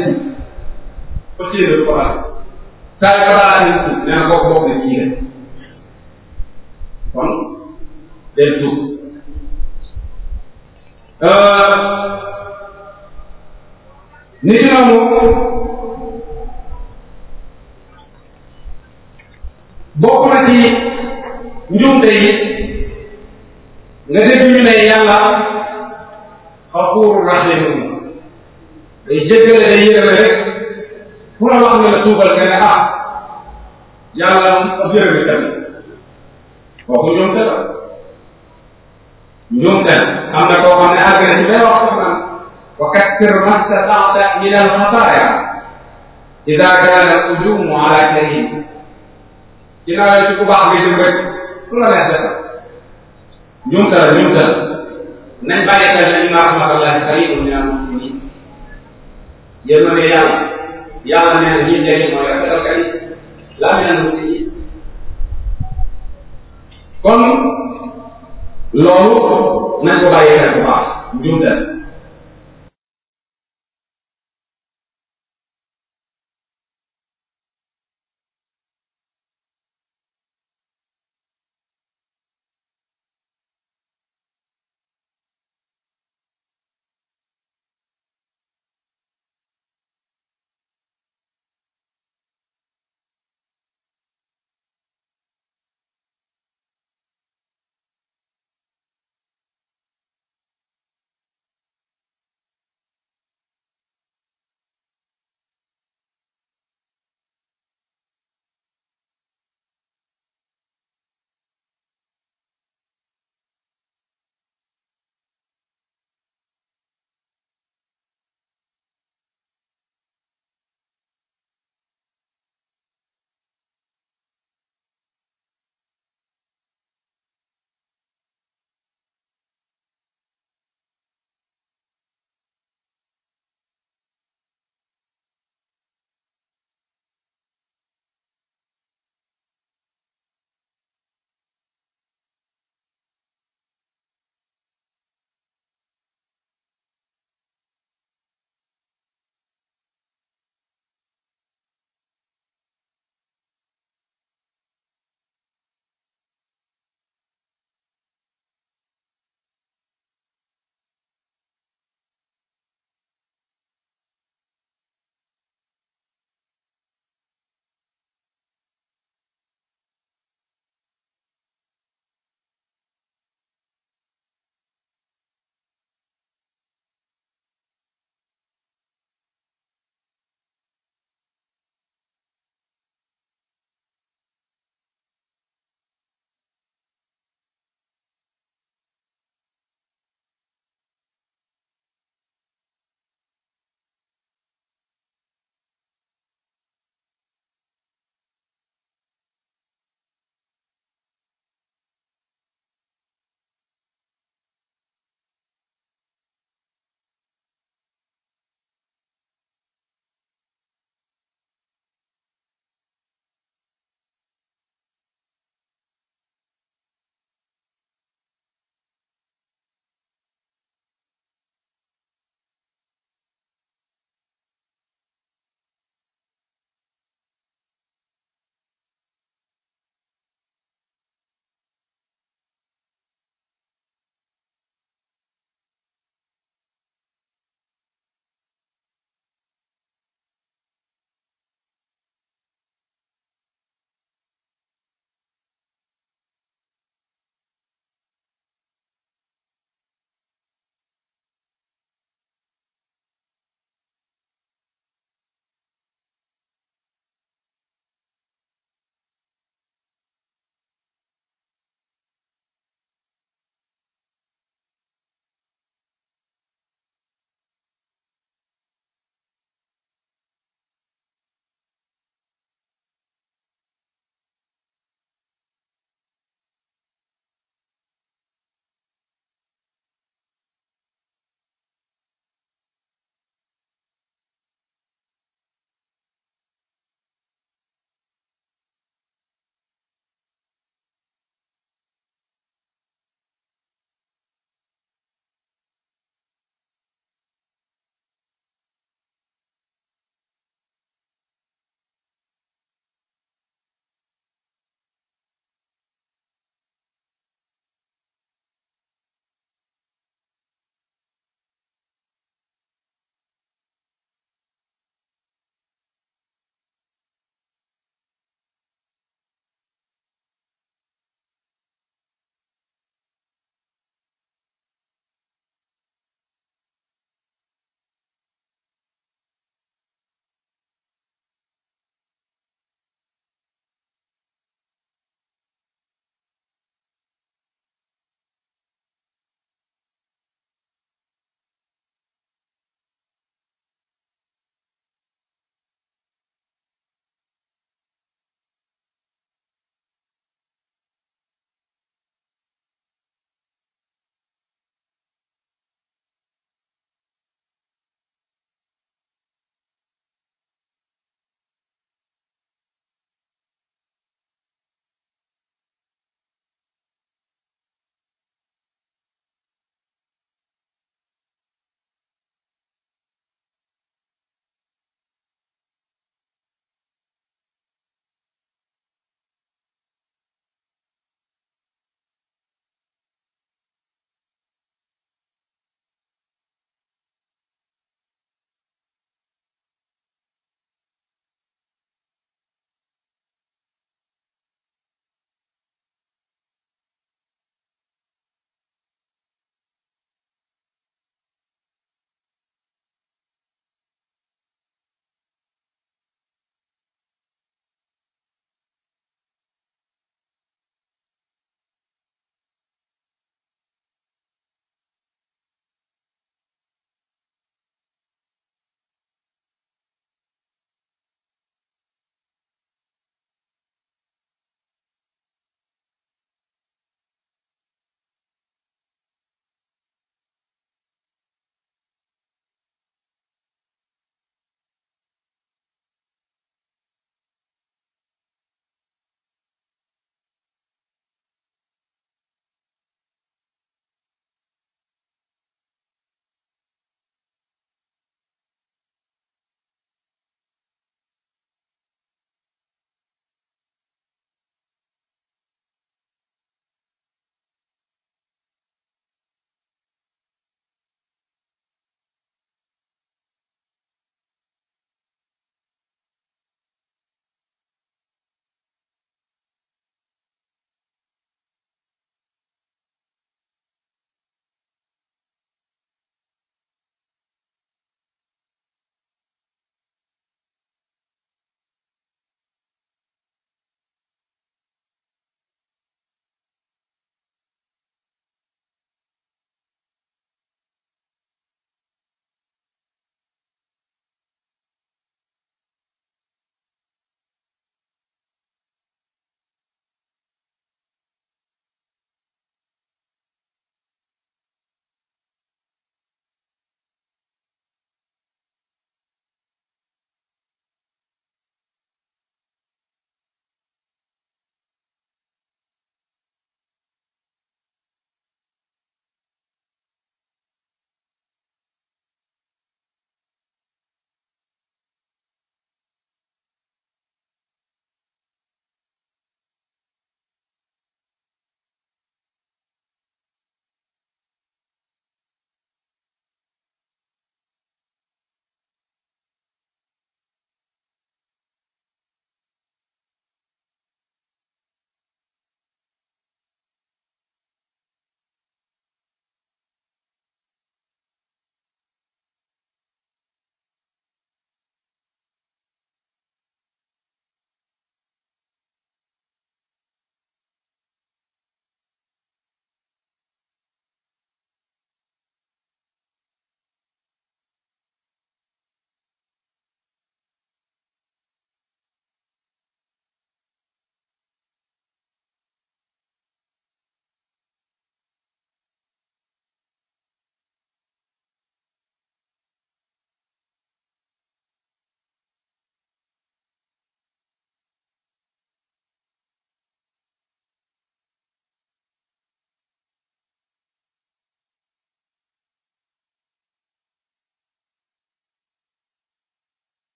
kaay xabaar nee na kooku bokk na ci kon day euh, ni ci noonu bokk na ci njuumte yi nga dégg ñu ne yàlla xafuur rahim day jéggale day yërëm fu la wax ne la suufal nga ne ah yàlla ab jërëjëf tamit kooku ñoom te la ñoom te am na koo xam ne àgg na ci bay wax sax naan wa kakkir mastataata min al xataaya ida kaana al ujumu ala karim ginnaaw ci ku baax nga jëm rek fu la neex defal ñoom te la ñoom te la nañ bàyyi xel ne inna rahmatallahi qaribun min al muhsinin yéen ma ne yàlla nee na ñi léegi mooy yor dalkat yi laaminaan wut yi kon loolu nañ ko bàyyi xel bu baax